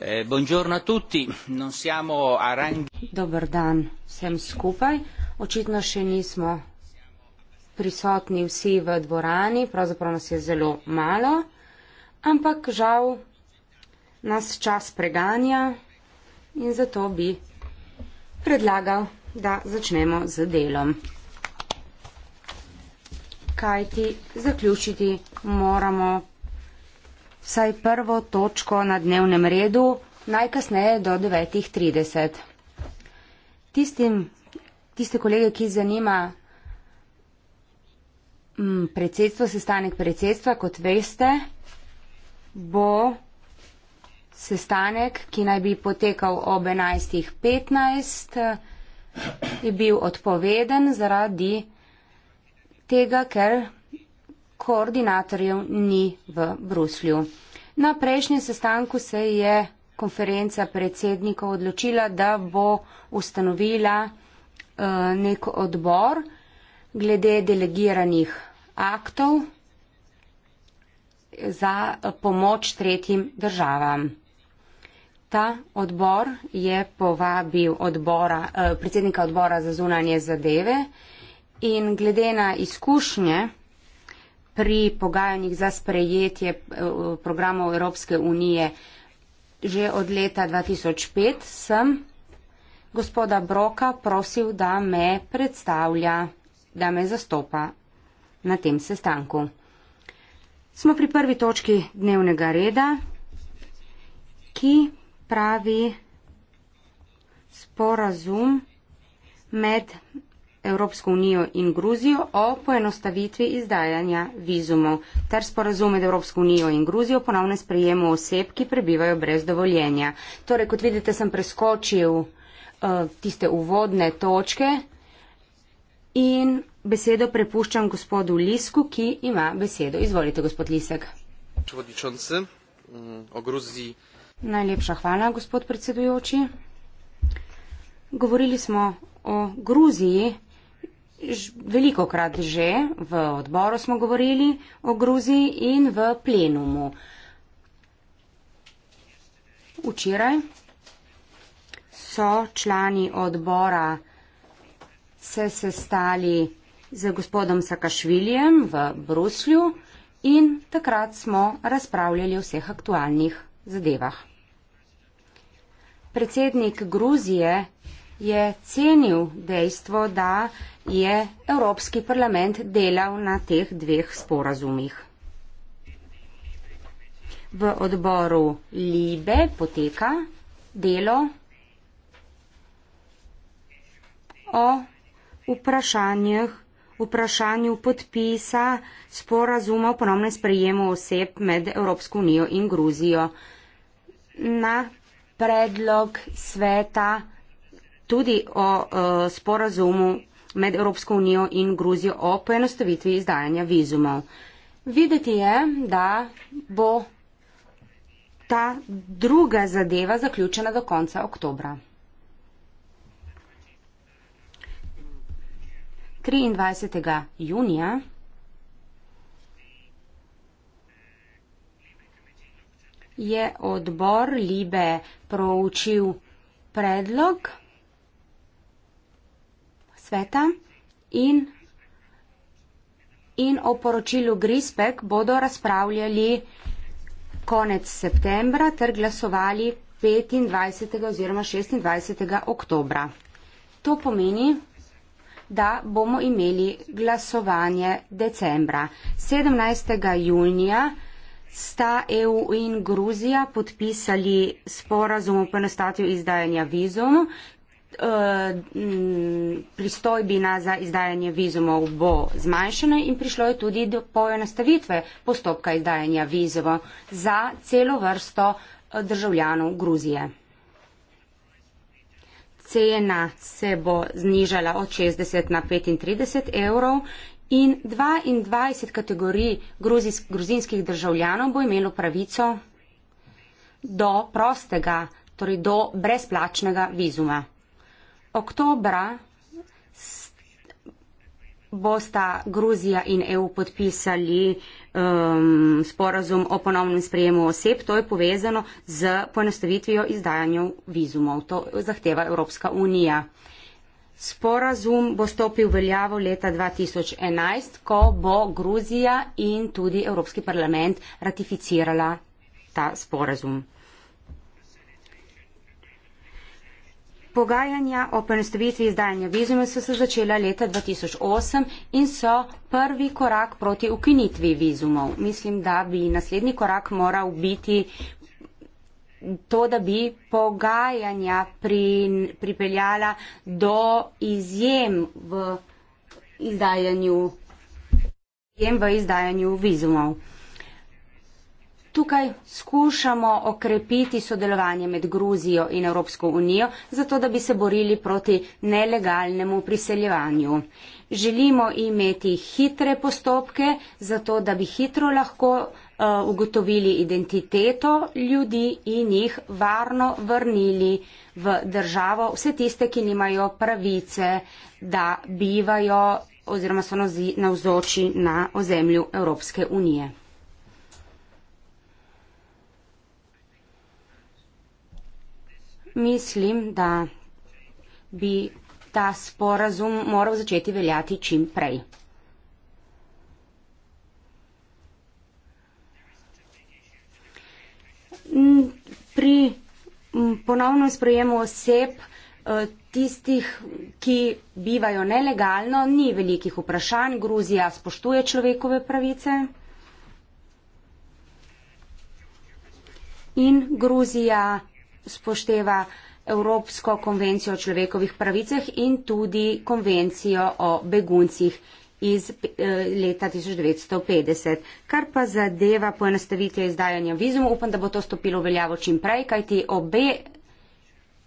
Eh, Dober dan vsem skupaj. Očitno še nismo prisotni vsi v dvorani, pravzaprav nas je zelo malo, ampak žal nas čas preganja in zato bi predlagal, da začnemo z delom. Kaj ti zaključiti moramo vsaj prvo točko na dnevnem redu, najkasneje do 9.30. Tistim, tiste kolege, ki zanima mm, predsedstvo, sestanek predsedstva, kot veste, bo sestanek, ki naj bi potekal ob 11.15, je bil odpoveden zaradi tega, ker koordinatorjev ni v Bruslju. Na prejšnjem sestanku se je konferenca predsednikov odločila, da bo ustanovila eh, nek odbor glede delegiranih aktov za eh, pomoč tretjim državam. Ta odbor je povabil odbora, eh, predsednika odbora za zunanje zadeve in glede na izkušnje, pri pogajanjih za sprejetje eh, programov Evropske unije. Že od leta 2005 sem gospoda Broka prosil, da me predstavlja, da me zastopa na tem sestanku. Smo pri prvi točki dnevnega reda, ki pravi sporazum med Evropsko unijo in Gruzijo o poenostavitvi izdajanja vizumov ter sporazum med Evropsko unijo in Gruzijo o ponovnem sprejemu oseb, ki prebivajo brez dovoljenja. Torej, kot vidite, sem preskočil uh, tiste uvodne točke in besedo prepuščam gospodu Lisku, ki ima besedo. Izvolite, gospod Lisek. Mm, Najlepša hvala, gospod predsedujoči. Govorili smo o Gruziji, Veliko krat že v odboru smo govorili o Gruziji in v plenumu. Včeraj so člani odbora se sestali z gospodom Sakašviljem v Bruslju in takrat smo razpravljali o vseh aktualnih zadevah. Predsednik Gruzije je cenil dejstvo, da je Evropski parlament delal na teh dveh sporazumih. V odboru Libe poteka delo o vprašanjih vprašanju podpisa sporazuma o ponovnem sprejemu oseb med Evropsko unijo in Gruzijo. Na predlog sveta tudi o uh, sporazumu med Evropsko unijo in Gruzijo o poenostavitvi izdajanja vizumov. Videti je, da bo ta druga zadeva zaključena do konca oktobra. 23. junija je odbor Libe proučil predlog sveta in, in o poročilu Grispek bodo razpravljali konec septembra ter glasovali 25. oziroma 26. oktobra. To pomeni, da bomo imeli glasovanje decembra. 17. junija sta EU in Gruzija podpisali sporazum o poenostavitvi izdajanja vizum, Eh, pristojbina za izdajanje vizumov bo zmanjšana in prišlo je tudi do poenostavitve postopka izdajanja vizumov za celo vrsto eh, državljanov Gruzije. Cena se bo znižala od 60 na 35 evrov in 22 kategorij gruzijskih državljanov bo imelo pravico do prostega, torej do brezplačnega vizuma oktobra bosta Gruzija in EU podpisali um, sporazum o ponovnem sprejemu oseb. To je povezano z poenostavitvijo izdajanja vizumov. To zahteva Evropska unija. Sporazum bo stopil v veljavo leta 2011, ko bo Gruzija in tudi Evropski parlament ratificirala ta sporazum. Pogajanja o prenestavitvi izdajanja vizume so se začela leta 2008 in so prvi korak proti ukinitvi vizumov. Mislim, da bi naslednji korak moral biti to, da bi pogajanja pri, pripeljala do izjem v izdajanju, izjem v izdajanju vizumov tukaj skušamo okrepiti sodelovanje med Gruzijo in Evropsko unijo, zato da bi se borili proti nelegalnemu priseljevanju. Želimo imeti hitre postopke, zato da bi hitro lahko uh, ugotovili identiteto ljudi in jih varno vrnili v državo, vse tiste, ki nimajo pravice, da bivajo oziroma so navzoči na ozemlju Evropske unije. mislim, da bi ta sporazum moral začeti veljati čim prej. Pri ponovnem sprejemu oseb eh, tistih, ki bivajo nelegalno, ni velikih vprašanj. Gruzija spoštuje človekove pravice in Gruzija spošteva Evropsko konvencijo o človekovih pravicah in tudi konvencijo o beguncih iz eh, leta 1950. Kar pa zadeva poenostavitev izdajanja vizum, upam, da bo to stopilo v veljavo čim prej, kajti obe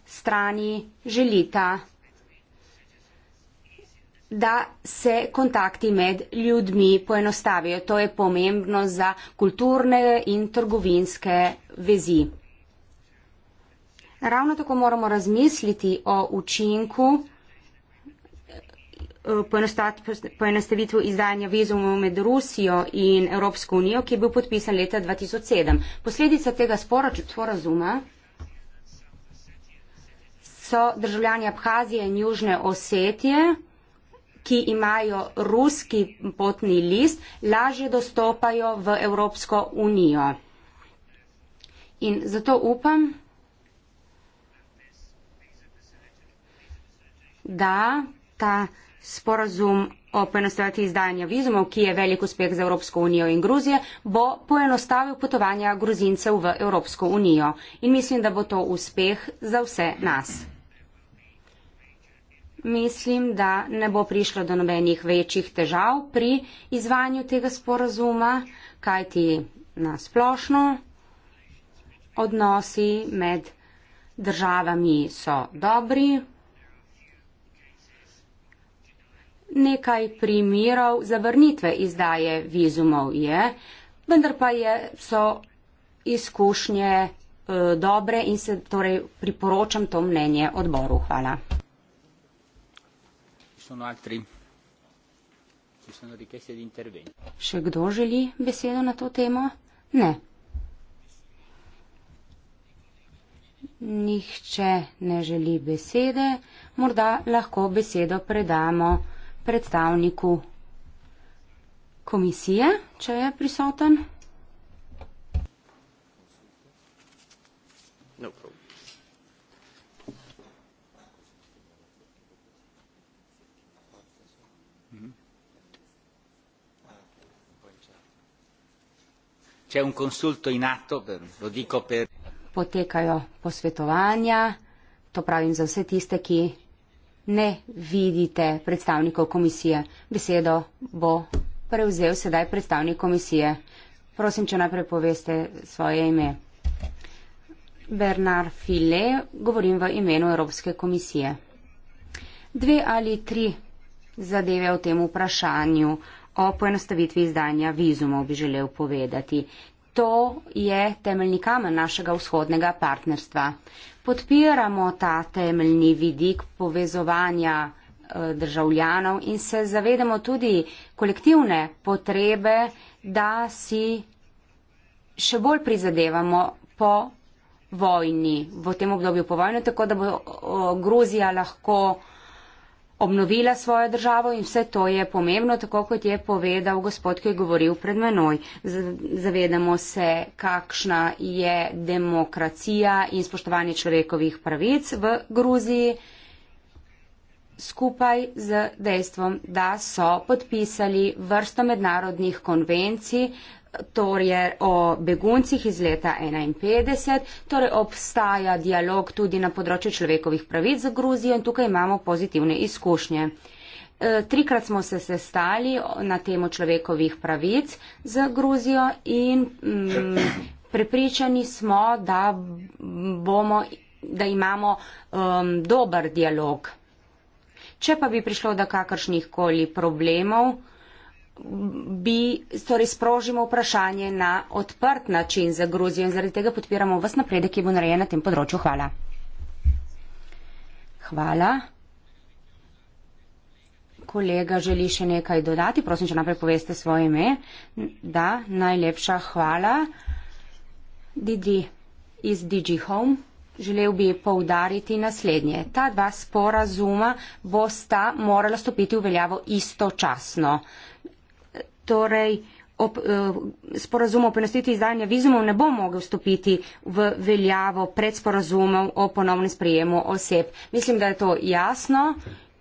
strani želita, da se kontakti med ljudmi poenostavijo. To je pomembno za kulturne in trgovinske vezi. Ravno tako moramo razmisliti o učinku eh, poenostavitvu izdajanja vizumov med Rusijo in Evropsko unijo, ki je bil podpisan leta 2007. Posledica tega sporazuma so državljani Abhazije in Južne Osetije, ki imajo ruski potni list, lažje dostopajo v Evropsko unijo. In zato upam, da ta sporazum o poenostavitvi izdajanja vizumov, ki je velik uspeh za Evropsko unijo in Gruzije, bo poenostavil potovanja gruzincev v Evropsko unijo. In mislim, da bo to uspeh za vse nas. Mislim, da ne bo prišlo do nobenih večjih težav pri izvanju tega sporazuma, kajti na splošno odnosi med državami so dobri, Nekaj primerov zavrnitve izdaje vizumov je, vendar pa je, so izkušnje e, dobre in se torej priporočam to mnenje odboru. Hvala. Še kdo želi besedo na to temo? Ne. Nihče ne želi besede. Morda lahko besedo predamo predstavniku komisije, če je prisoten. No mhm. C'è un consulto in atto, per, lo dico per. Potekajo posvetovanja, to pravim za vse tiste, ki ne vidite predstavnikov komisije. Besedo bo prevzel sedaj predstavnik komisije. Prosim, če najprej poveste svoje ime. Bernard File, govorim v imenu Evropske komisije. Dve ali tri zadeve o tem vprašanju o poenostavitvi izdanja vizumov bi želel povedati. To je temeljni kamen našega vzhodnega partnerstva. Podpiramo ta temeljni vidik povezovanja eh, državljanov in se zavedamo tudi kolektivne potrebe, da si še bolj prizadevamo po vojni, v tem obdobju po vojni, tako da bo eh, Gruzija lahko obnovila svojo državo in vse to je pomembno, tako kot je povedal gospod, ki je govoril pred menoj. Zavedamo se, kakšna je demokracija in spoštovanje človekovih pravic v Gruziji skupaj z dejstvom, da so podpisali vrsto mednarodnih konvencij, torej o beguncih iz leta 1951, torej obstaja dialog tudi na področju človekovih pravic z Gruzijo in tukaj imamo pozitivne izkušnje. E, trikrat smo se sestali na temo človekovih pravic z Gruzijo in mm, prepričani smo, da, bomo, da imamo um, dober dialog. Če pa bi prišlo do kakršnih koli problemov, uh, bi torej sprožimo vprašanje na odprt način za Gruzijo in zaradi tega podpiramo vas napredek, ki bo narejen na tem področju. Hvala. Hvala. Kolega želi še nekaj dodati, prosim, če naprej poveste svoje ime. Da, najlepša hvala. Didi iz Digi Home. Želel bi poudariti naslednje. Ta dva sporazuma bo sta morala stopiti v veljavo istočasno torej ob eh, sporazumu o prenositvi izdanja vizumov ne bo mogel vstopiti v veljavo pred sporazumom o ponovnem sprijemu oseb. Mislim, da je to jasno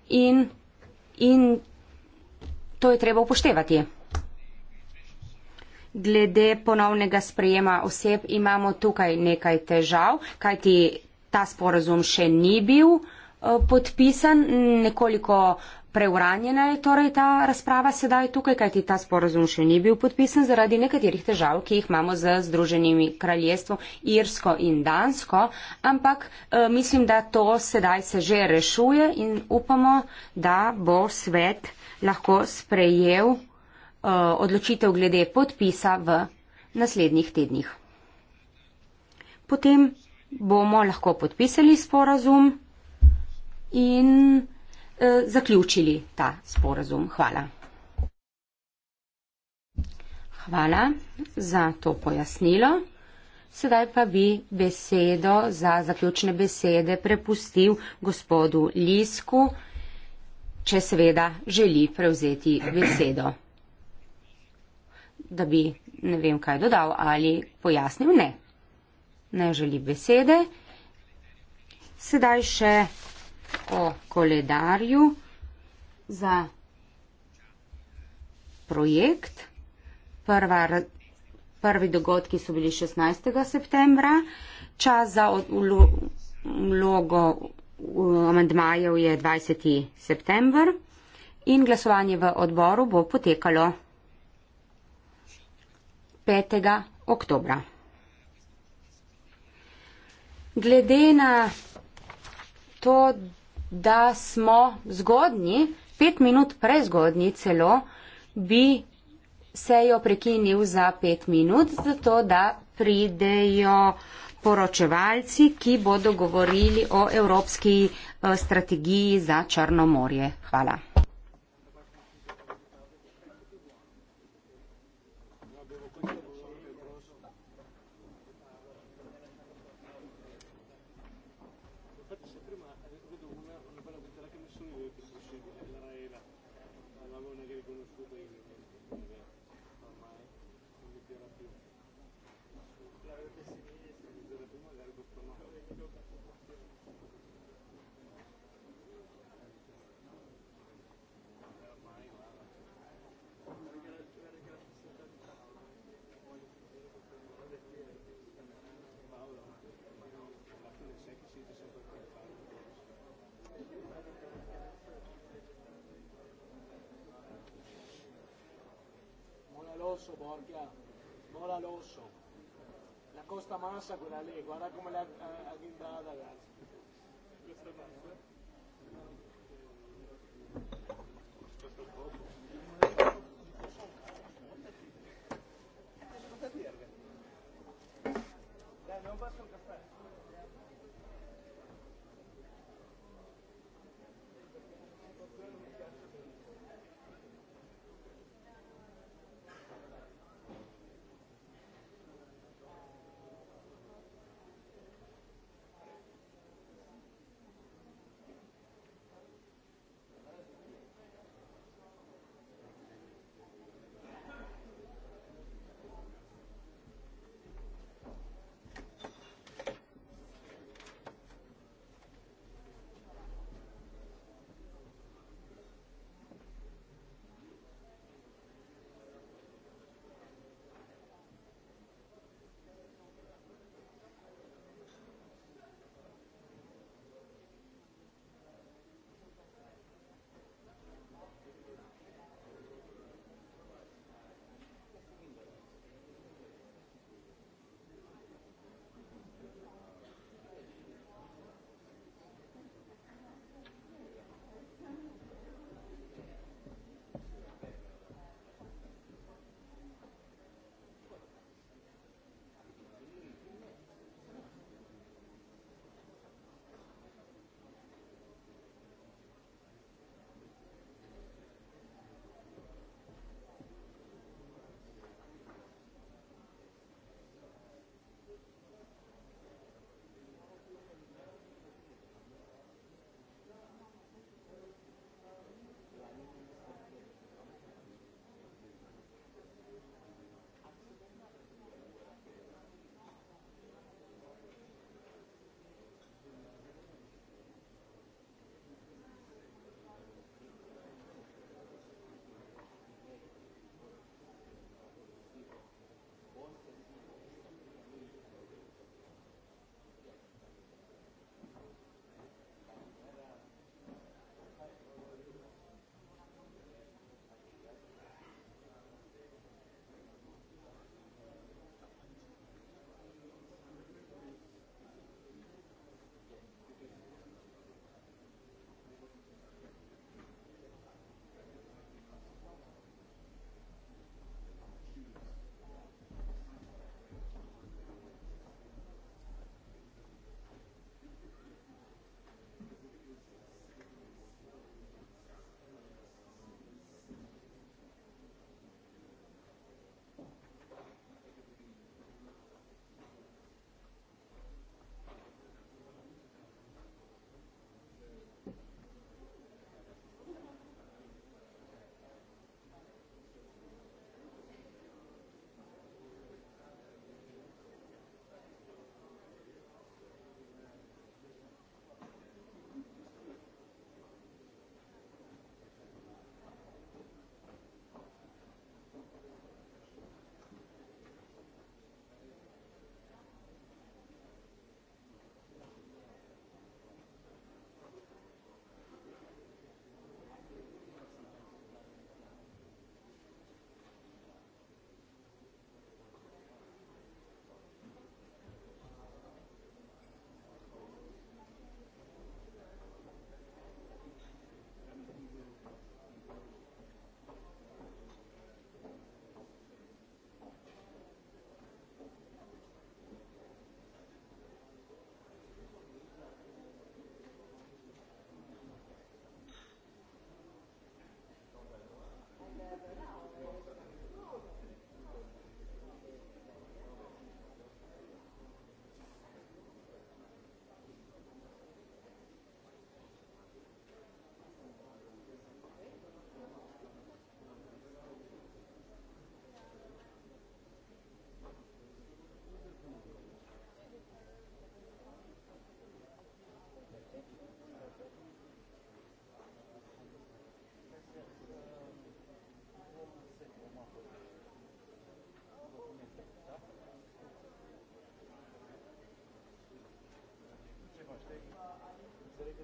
in, in to je treba upoštevati. Glede ponovnega sprejema oseb imamo tukaj nekaj težav, kajti ta sporazum še ni bil uh, podpisan. Nekoliko uh, Preuranjena je torej ta razprava sedaj tukaj, kajti ta sporozum še ni bil podpisan zaradi nekaterih težav, ki jih imamo z Združenimi kraljestvom Irsko in Dansko, ampak eh, mislim, da to sedaj se že rešuje in upamo, da bo svet lahko sprejel eh, odločitev glede podpisa v naslednjih tednih. Potem bomo lahko podpisali sporozum in. Eh, zaključili ta sporazum. Hvala. Hvala za to pojasnilo. Sedaj pa bi besedo za zaključne besede prepustil gospodu Lisku, če seveda želi prevzeti besedo. Da bi ne vem kaj dodal ali pojasnil, ne. Ne želi besede. Sedaj še o koledarju za projekt. Prva, prvi dogodki so bili 16. septembra. Čas za vlogo amandmajev je 20. september in glasovanje v odboru bo potekalo 5. oktobra. Glede na to, da da smo zgodnji, pet minut prezgodnji celo, bi se jo prekinil za pet minut, zato da pridejo poročevalci, ki bodo govorili o evropski eh, strategiji za Črno morje. Hvala. Osso, Borgia, Mora Losso, la costa massa quella lì, guarda come l'ha eh, agghindata ragazzi.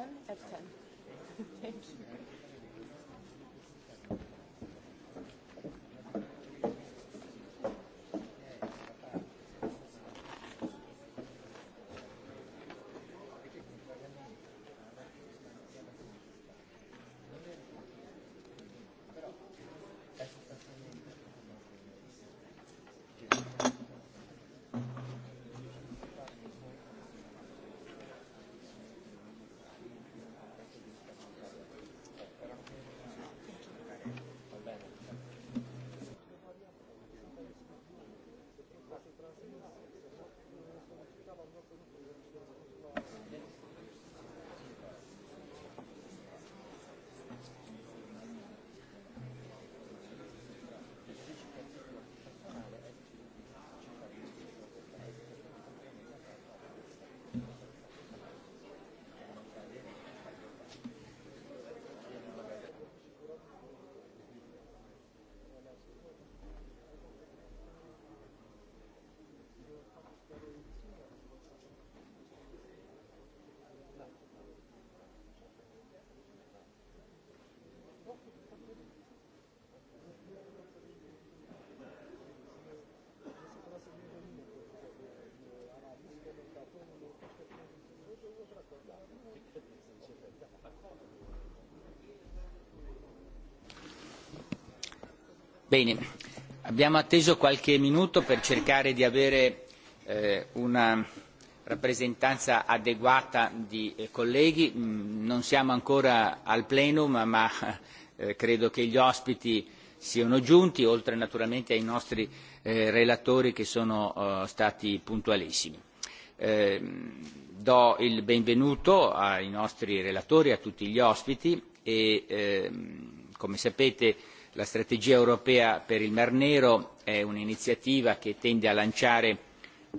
F10, F10. Bene, abbiamo atteso qualche minuto per cercare di avere eh, una rappresentanza adeguata di eh, colleghi. Mm, non siamo ancora al plenum, ma eh, credo che gli ospiti siano giunti, oltre naturalmente ai nostri eh, relatori che sono eh, stati puntualissimi. Eh, do il benvenuto ai nostri relatori, a tutti gli ospiti e, eh, come sapete, la strategia europea per il mar nero è un'iniziativa che tende a lanciare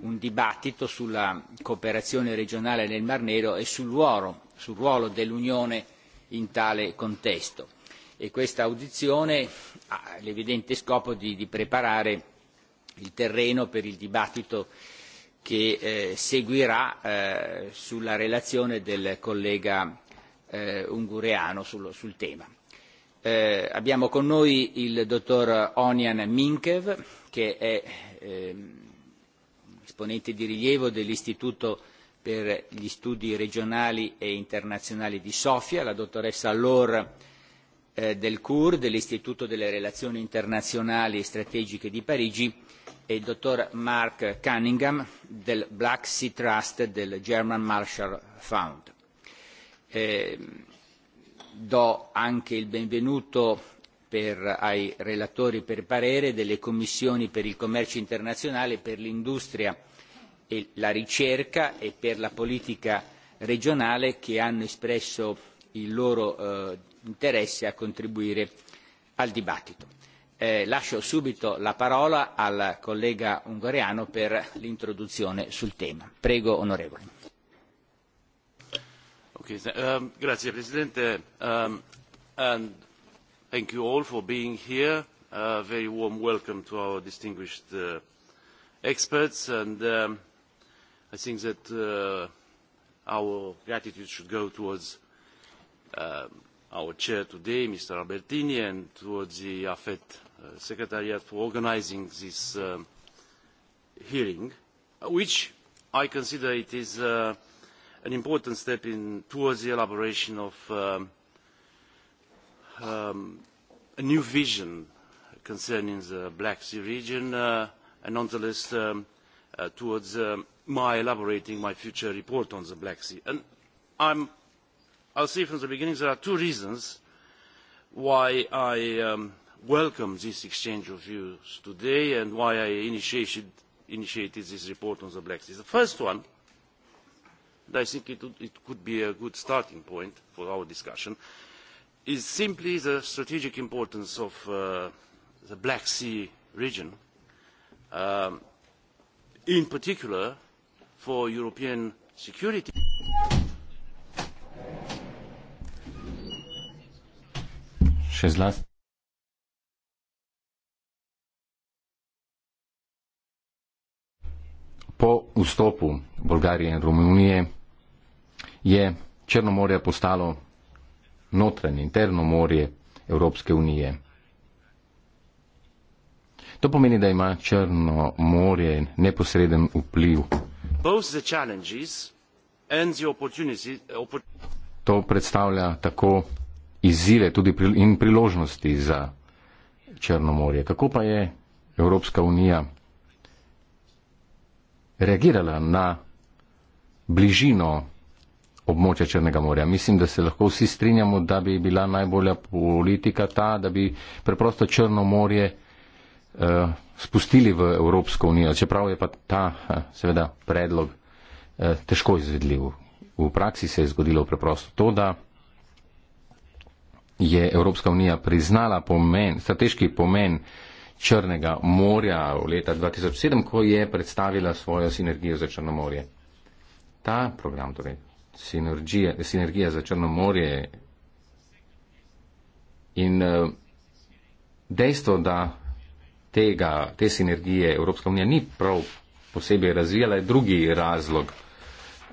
un dibattito sulla cooperazione regionale nel mar nero e sul ruolo, sul ruolo dell'unione in tale contesto e questa audizione ha l'evidente scopo di, di preparare il terreno per il dibattito che eh, seguirà eh, sulla relazione del collega eh, Ungureano sul, sul tema. Eh, abbiamo con noi il dottor onyan minkev che è ehm, esponente di rilievo dell'istituto per gli studi regionali e internazionali di sofia la dottoressa lore eh, del cour dell'istituto delle relazioni internazionali e strategiche di parigi e il dottor mark cunningham del black sea trust del german marshall fund. Ehm, do anche il benvenuto ai relatori per parere delle commissioni per il commercio internazionale per l'industria e la ricerca e per la politica regionale che hanno espresso il loro eh, interesse a contribuire al dibattito. Eh, lascio subito la parola al collega ungoreano per l'introduzione sul tema. Prego onorevole mr um, president um, thank you all for being here. a very warm welcome to our distinguished uh, experts and um, i think that uh, our gratitude should go towards uh, our chair today mr albertini and towards the afet secretariat for organising this hearing which i consider is an important step in, towards the elaboration of um, um, a new vision concerning the Black Sea region uh, and nonetheless um, uh, towards um, my elaborating my future report on the Black Sea. And I'm, I'll say from the beginning there are two reasons why I um, welcome this exchange of views today and why I initiated, initiated this report on the Black Sea. The first one i think it, would, it could be a good starting point for our discussion, is simply the strategic importance of uh, the black sea region, um, in particular for european security. Po vstopu Bolgarije in Romunije je Črnomorje postalo notranje, interno morje Evropske unije. To pomeni, da ima Črno morje neposreden vpliv. To predstavlja tako izzive tudi in priložnosti za Črno morje. Kako pa je Evropska unija reagirala na bližino območja Črnega morja. Mislim, da se lahko vsi strinjamo, da bi bila najbolja politika ta, da bi preprosto Črno morje eh, spustili v Evropsko unijo. Čeprav je pa ta eh, seveda predlog eh, težko izvedljiv. V praksi se je zgodilo preprosto to, da je Evropska unija priznala pomen, strateški pomen Črnega morja v leta 2007, ko je predstavila svojo sinergijo za Črno morje. Ta program torej sinergija, sinergija za Črno morje in eh, dejstvo, da tega, te sinergije Evropska unija ni prav posebej razvijala, je drugi razlog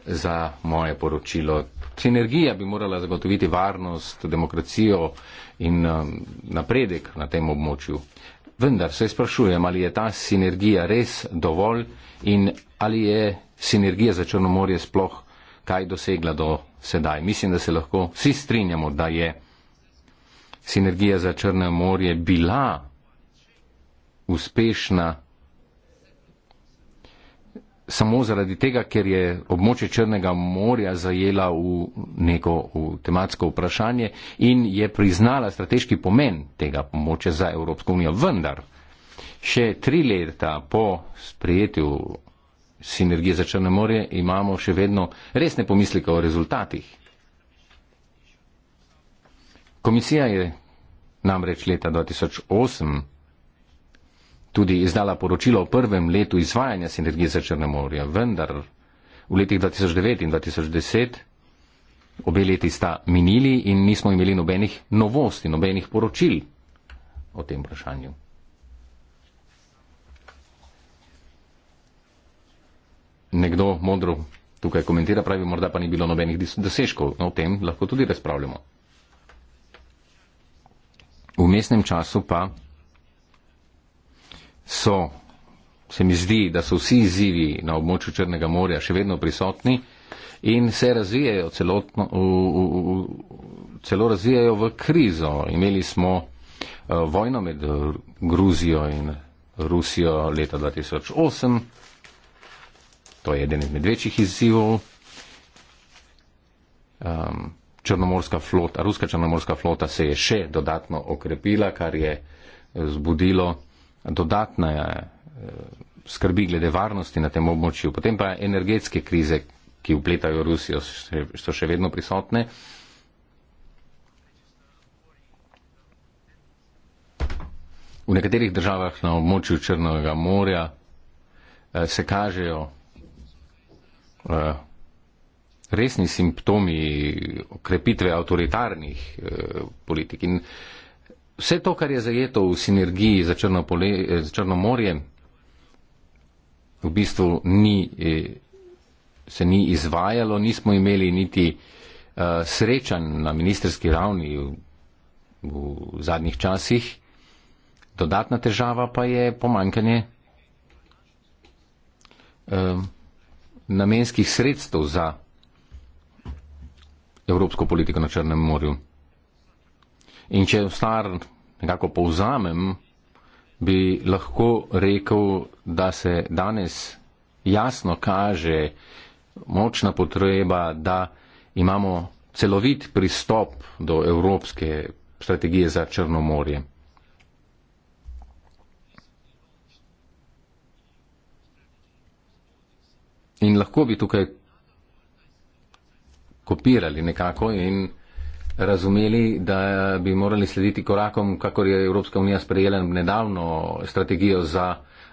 za moje poročilo. Sinergija bi morala zagotoviti varnost, demokracijo in eh, napredek na tem območju. Vendar se sprašujem, ali je ta sinergija res dovolj in ali je sinergija za Črno morje sploh kaj dosegla do sedaj. Mislim, da se lahko vsi strinjamo, da je sinergija za Črno morje bila uspešna samo zaradi tega, ker je območje Črnega morja zajela v neko v tematsko vprašanje in je priznala strateški pomen tega območja za Evropsko unijo. Vendar, še tri leta po sprejetju sinergije za Črno morje, imamo še vedno resne pomisleke o rezultatih. Komisija je namreč leta 2008 tudi izdala poročilo o prvem letu izvajanja sinergije za Črno morje, vendar v letih 2009 in 2010 obe leti sta minili in nismo imeli nobenih novosti, nobenih poročil o tem vprašanju. nekdo modro tukaj komentira, pravi, morda pa ni bilo nobenih dosežkov. No, o tem lahko tudi razpravljamo. V mestnem času pa so, se mi zdi, da so vsi izzivi na območju Črnega morja še vedno prisotni in se razvijajo celotno, v, v, v, celo razvijajo v krizo. Imeli smo uh, vojno med eh, Gruzijo in Rusijo leta 2008. To je eden izmed večjih izzivov. Um, flota, ruska črnomorska flota se je še dodatno okrepila, kar je eh, zbudilo dodatne uh, skrbi glede varnosti na tem območju. Potem pa energetske krize, ki upletajo Rusijo, so še vedno prisotne. V nekaterih državah na območju Črnega morja eh, se kažejo Uh, resni simptomi krepitve avtoritarnih uh, politik. In vse to, kar je zajeto v sinergiji za Črno, pole, eh, za Črno morje, v bistvu ni, eh, se ni izvajalo, nismo imeli niti eh, srečanj na ministerski ravni v, v zadnjih časih. Dodatna težava pa je pomankanje. Um, namenskih sredstev za evropsko politiko na Črnem morju. In če stvar nekako povzamem, bi lahko rekel, da se danes jasno kaže močna potreba, da imamo celovit pristop do evropske strategije za Črno morje. In lahko bi tukaj kopirali nekako in razumeli, da bi morali slediti korakom, kakor je Evropska unija sprejela nedavno strategijo za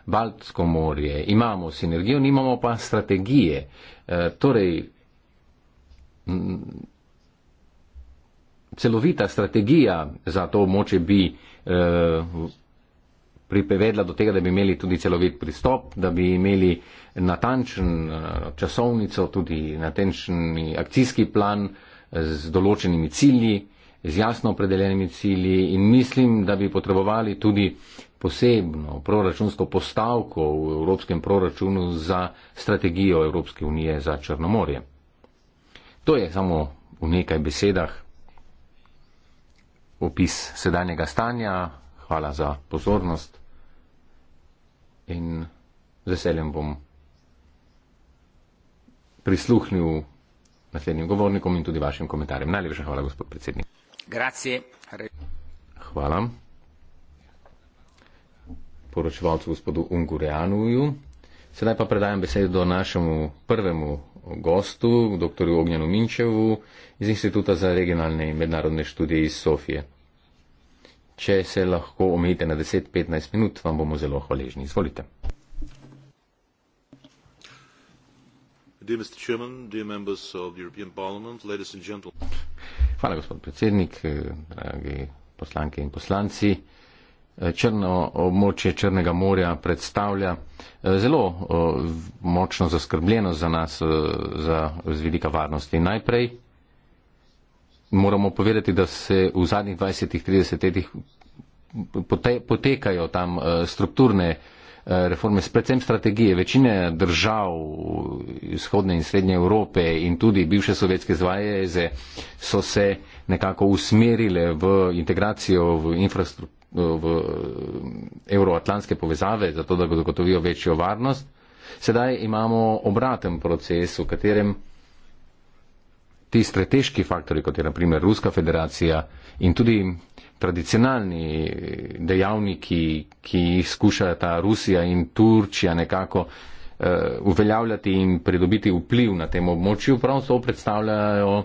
Baltsko morje. Imamo sinergijo, nimamo pa strategije. E, torej, celovita strategija za to območje bi. E, pripovedla do tega, da bi imeli tudi celovit pristop, da bi imeli natančen eh, časovnico, tudi natančen akcijski plan eh, z določenimi cilji, z jasno opredeljenimi cilji in mislim, da bi potrebovali tudi posebno proračunsko postavko v evropskem proračunu za strategijo Evropske unije za Črnomorje. To je samo v nekaj besedah opis sedanjega stanja, hvala za pozornost in z veseljem bom prisluhnil naslednjim govornikom in tudi vašim komentarjem. Najlepša hvala, gospod predsednik. Grazie. Hvala. Poročevalcu gospodu Ungureanuju. Sedaj pa predajam besedo našemu prvemu gostu, dr. Ognjanu Minčevu iz Inštituta za regionalne in mednarodne študije iz Sofije. Če se lahko omejite na 10-15 minut, vam bomo zelo hvaležni. Izvolite. Hvala, gospod predsednik, eh, dragi poslanke in poslanci. Eh, črno območje Črnega morja predstavlja eh, zelo močno zaskrbljenost za nas za, z vidika varnosti najprej moramo povedati, da se v zadnjih 20-30 letih potekajo tam eh, strukturne eh, reforme, predvsem strategije. Večine držav vzhodne in srednje Evrope in tudi bivše sovjetske zvajeze so se nekako usmerile v integracijo v infrastrukturo v euroatlantske eh, povezave, zato da zagotovijo večjo varnost. Sedaj imamo obraten proces, v katerem ti strateški faktori, kot je naprimer Ruska federacija in tudi tradicionalni dejavniki, ki jih skušajo ta Rusija in Turčija nekako uh, uveljavljati in pridobiti vpliv na tem območju, pravzaprav predstavljajo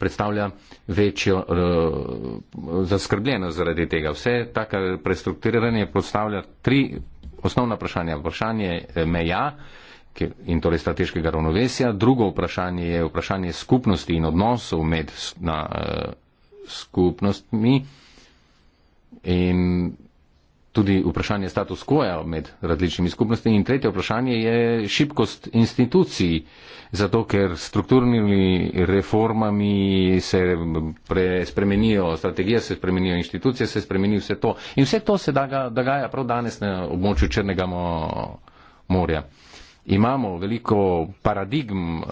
predstavlja večjo uh, zaskrbljenost zaradi tega. Vse tako prestrukturiranje predstavlja tri osnovna vprašanja. Vprašanje eh, meja, uh, in torej strateškega ravnovesja. Drugo vprašanje je vprašanje skupnosti in odnosov med na, uh, skupnostmi in tudi vprašanje status quoja med različnimi skupnostmi. In tretje vprašanje je šibkost institucij, zato ker strukturnimi reformami se pre, spremenijo, strategija se spremenijo, institucije se spremenijo, vse to. In vse to se dogaja prav danes na območju Črnega morja imamo veliko paradigm uh,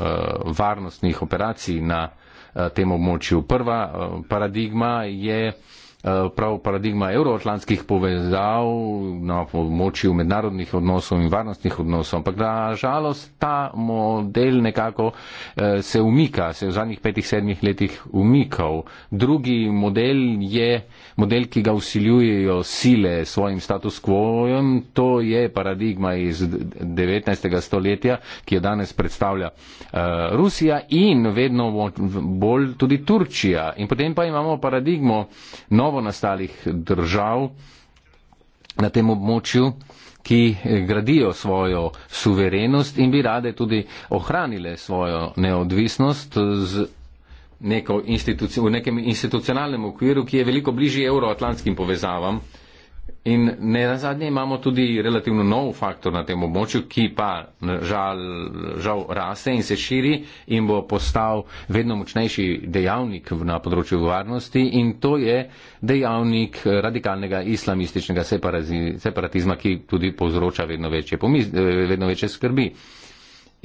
varnostnih operacij na uh, tem območju. Prva uh, paradigma je uh, Eh, prav paradigma euroatlantskih povezav na območju mednarodnih odnosov in varnostnih odnosov, ampak na žalost ta model nekako eh, se umika, se je v zadnjih petih, sedmih letih umikal. Drugi model je model, ki ga usiljujejo sile svojim status quojem, to je paradigma iz 19. stoletja, ki jo danes predstavlja eh, Rusija in vedno bolj tudi Turčija. In potem pa imamo paradigmo novo novonastalih držav na tem območju, ki gradijo svojo suverenost in bi rade tudi ohranile svojo neodvisnost z. Neko institucij, v nekem institucionalnem okviru, ki je veliko bližji evroatlantskim povezavam, In ne nazadnje imamo tudi relativno nov faktor na tem območju, ki pa žal, žal raste in se širi in bo postal vedno močnejši dejavnik na področju varnosti in to je dejavnik eh, radikalnega islamističnega separatizma, ki tudi povzroča vedno večje, eh, vedno večje skrbi.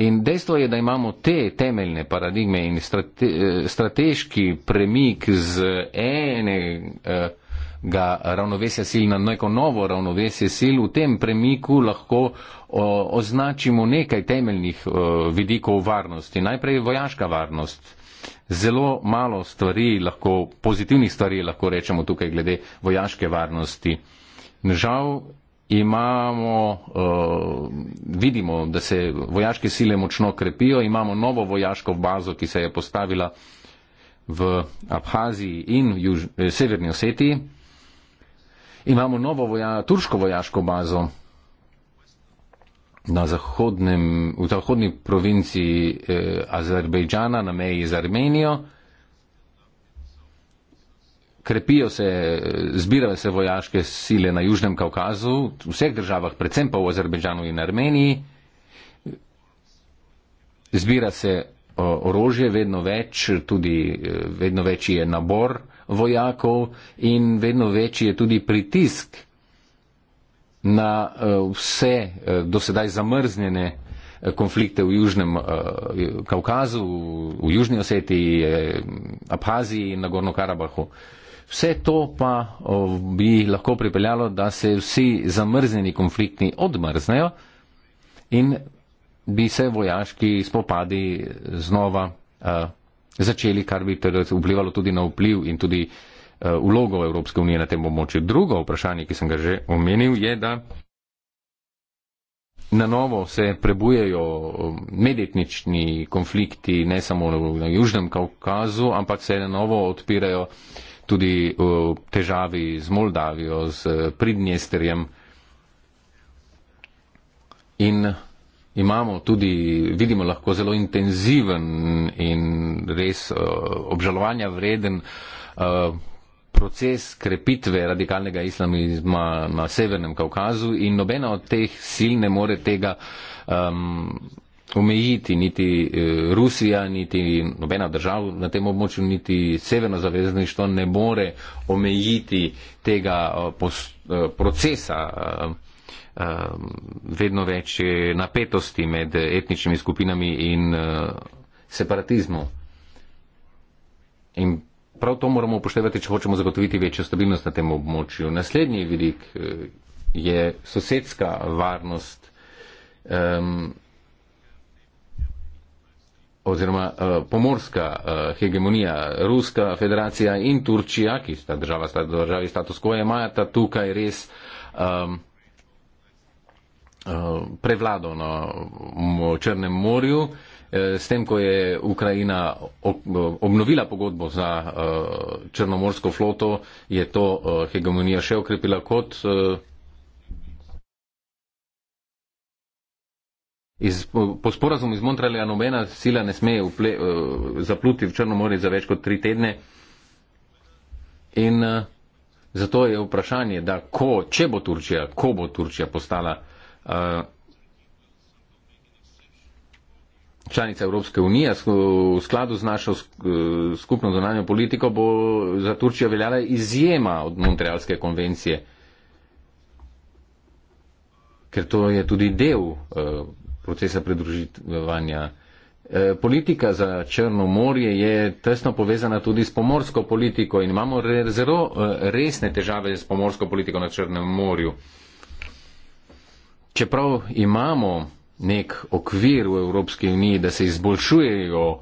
In dejstvo je, da imamo te temeljne paradigme in strate, eh, strateški premik z ene. Uh, ga ravnovesje sil na neko novo ravnovesje sil, v tem premiku lahko o, označimo nekaj temeljnih o, vidikov varnosti. Najprej vojaška varnost. Zelo malo stvari, lahko, pozitivnih stvari lahko rečemo tukaj glede vojaške varnosti. Žal imamo, uh, vidimo, da se vojaške sile močno krepijo, imamo novo vojaško bazo, ki se je postavila v Abhaziji in Juž, eh, severni Osetiji imamo novo voja, turško vojaško bazo na zahodnem, v zahodni provinciji eh, Azerbejdžana na meji z Armenijo. Krepijo se, eh, zbirajo se vojaške sile na Južnem Kaukazu, v vseh državah, predvsem pa v Azerbejdžanu in Armeniji. Zbira se eh, orožje, vedno več, tudi eh, vedno večji je nabor vojakov in vedno večji je tudi pritisk na eh, vse eh, dosedaj zamrznjene eh, konflikte v Južnem Kaukazu, v Južni Oseti, Abhaziji in na Gorno Karabahu. Vse to pa bi lahko pripeljalo, da se vsi zamrznjeni konflikti odmrznejo in bi se vojaški spopadi znova začeli, kar bi torej vplivalo tudi na vpliv in tudi eh, vlogo Evropske unije na tem območju. Drugo vprašanje, ki sem ga že omenil, je, da na novo se prebujajo eh, medetnični konflikti, ne samo na Južnem Kaukazu, ampak se na novo odpirajo tudi eh, težavi z Moldavijo, z Pridnjesterjem. In imamo tudi, vidimo lahko zelo intenziven in res eh, obžalovanja vreden eh, proces krepitve radikalnega islamizma na Severnem Kaukazu in nobena od teh sil ne more tega um, omejiti, niti eh, Rusija, niti nobena država na tem območju, niti Severno zavezništvo ne more omejiti tega post, procesa. Um, um, vedno več napetosti med etničnimi skupinami in uh, eh, separatizmom. In prav to moramo upoštevati, če hočemo zagotoviti večjo stabilnost na tem območju. Naslednji vidik eh, je sosedska varnost. Um, oziroma uh, pomorska uh, hegemonija, Ruska federacija in Turčija, ki sta država, sta državi status quo, imata tukaj res um, Eh, prevlado na Črnem morju, eh, s tem, ko je Ukrajina obnovila pogodbo za eh, Črnomorsko floto, je to hegemonija še okrepila kot Iz, po sporazumu iz Montrealja nobena sila ne sme uple, uh, zapluti v Črno morje za več kot tri tedne. In uh, zato je vprašanje, da ko, če bo Turčija, ko bo Turčija postala uh, Eh, članica Evropske unije v skladu z našo eh, skupno zonanjo politiko bo za Turčijo veljala izjema od Montrealske konvencije, ker to je tudi del eh, procesa pridružitvanja. Politika za Črno morje je tesno povezana tudi s pomorsko politiko in imamo zelo resne težave s pomorsko politiko na Črnem morju čeprav imamo nek okvir v Evropski uniji, da se izboljšujejo uh,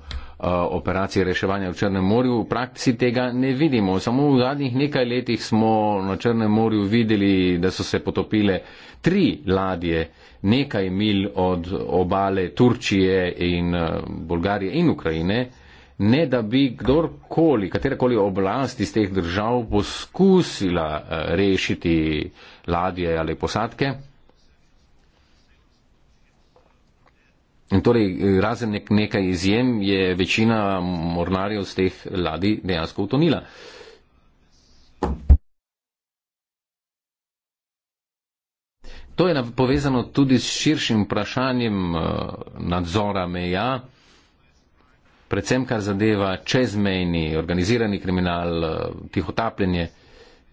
operacije reševanja v Črnem morju, v praksi tega ne vidimo. Samo v zadnjih nekaj letih smo na Črnem morju videli, da so se potopile tri ladje nekaj mil od obale Turčije in uh, Bolgarije in Ukrajine, ne da bi kdorkoli, katerakoli oblast iz teh držav poskusila uh, rešiti ladje ali posadke. In torej, eh, razen nek, nekaj izjem je večina mornarjev z teh ladi dejansko utonila. To je povezano tudi s širšim vprašanjem eh, nadzora meja, predvsem kar zadeva čezmejni organizirani kriminal, eh, tihotapljenje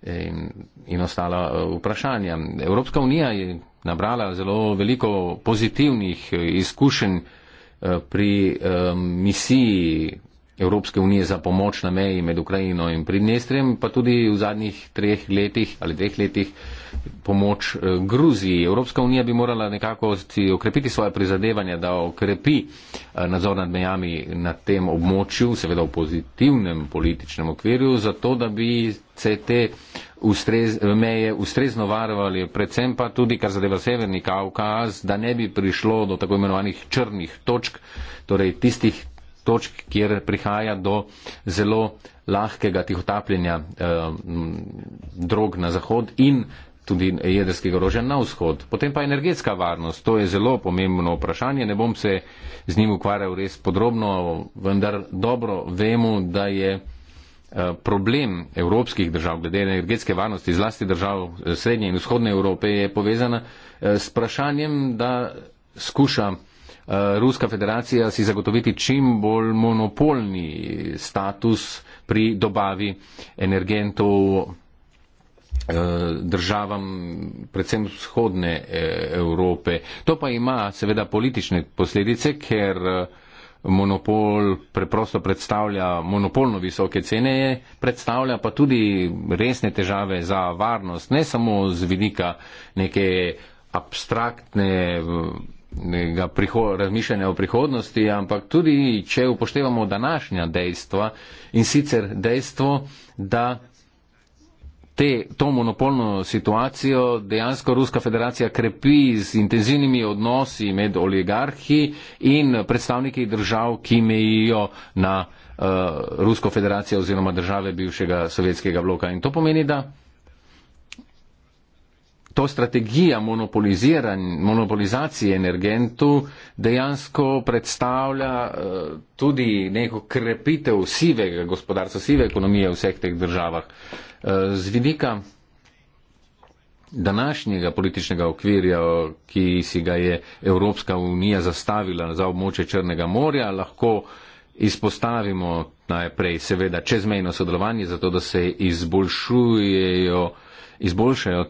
in, in ostala eh, vprašanja. Evropska unija je nabrala zelo veliko pozitivnih eh, izkušenj eh, pri misiji Evropske unije za pomoč na meji med Ukrajino in Pridnestrem, pa tudi v zadnjih treh letih ali dveh letih pomoč eh, Gruziji. Evropska unija bi morala nekako okrepiti svoje prizadevanja, da okrepi eh, nadzor nad mejami na tem območju, seveda v pozitivnem političnem okvirju, zato da bi se te ustrez, meje ustrezno varovali, predvsem pa tudi, kar zadeva Severni Kaukaz, da ne bi prišlo do tako imenovanih črnih točk, torej tistih točk, kjer prihaja do zelo lahkega tihotapljenja eh, drog na zahod in tudi jedrskega orožja na vzhod. Potem pa energetska varnost. To je zelo pomembno vprašanje. Ne bom se z njim ukvarjal res podrobno, vendar dobro vemo, da je eh, problem evropskih držav glede energetske varnosti, zlasti držav eh, srednje in vzhodne Evrope, je povezana eh, s vprašanjem, da skuša Eh, Ruska federacija si zagotoviti čim bolj monopolni status pri dobavi energentov eh, državam, predvsem vzhodne eh, Evrope. To pa ima seveda politične posledice, ker monopol preprosto predstavlja monopolno visoke cene, predstavlja pa tudi resne težave za varnost, ne samo z vidika neke abstraktne razmišljanja o prihodnosti, ampak tudi če upoštevamo današnja dejstva in sicer dejstvo, da te, to monopolno situacijo dejansko Ruska federacija krepi z intenzivnimi odnosi med oligarhi in predstavniki držav, ki mejijo na uh, Rusko federacijo oziroma države bivšega sovjetskega bloka. In to pomeni, da to strategija monopolizacije energentu dejansko predstavlja eh, tudi neko krepitev sivega gospodarstva, sive ekonomije v vseh teh državah. Eh, z vidika današnjega političnega okvirja, ki si ga je Evropska unija zastavila za območje Črnega morja, lahko izpostavimo najprej seveda čezmejno sodelovanje, zato da se izboljšujejo, izboljšajo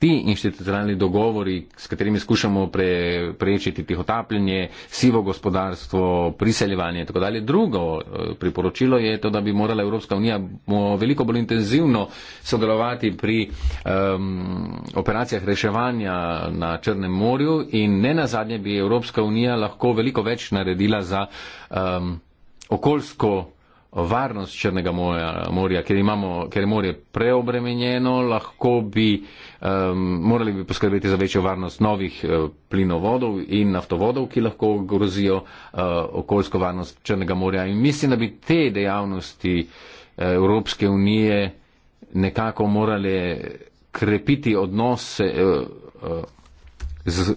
ti institucionalni dogovori, s katerimi skušamo pre, prečiti tihotapljenje, sivo gospodarstvo, priseljevanje itd. Drugo eh, priporočilo je to, da bi morala Evropska unija veliko bolj intenzivno sodelovati pri um, operacijah reševanja na Črnem morju in ne nazadnje bi Evropska unija lahko veliko več naredila za um, okoljsko varnost Črnega morja, morja ker, imamo, ker je morje preobremenjeno, lahko bi uh, um, morali bi poskrbeti za večjo varnost novih uh, plinovodov in naftovodov, ki lahko grozijo uh, okoljsko varnost Črnega morja. In mislim, da bi te dejavnosti eh, Evropske unije nekako morale krepiti odnose z, z,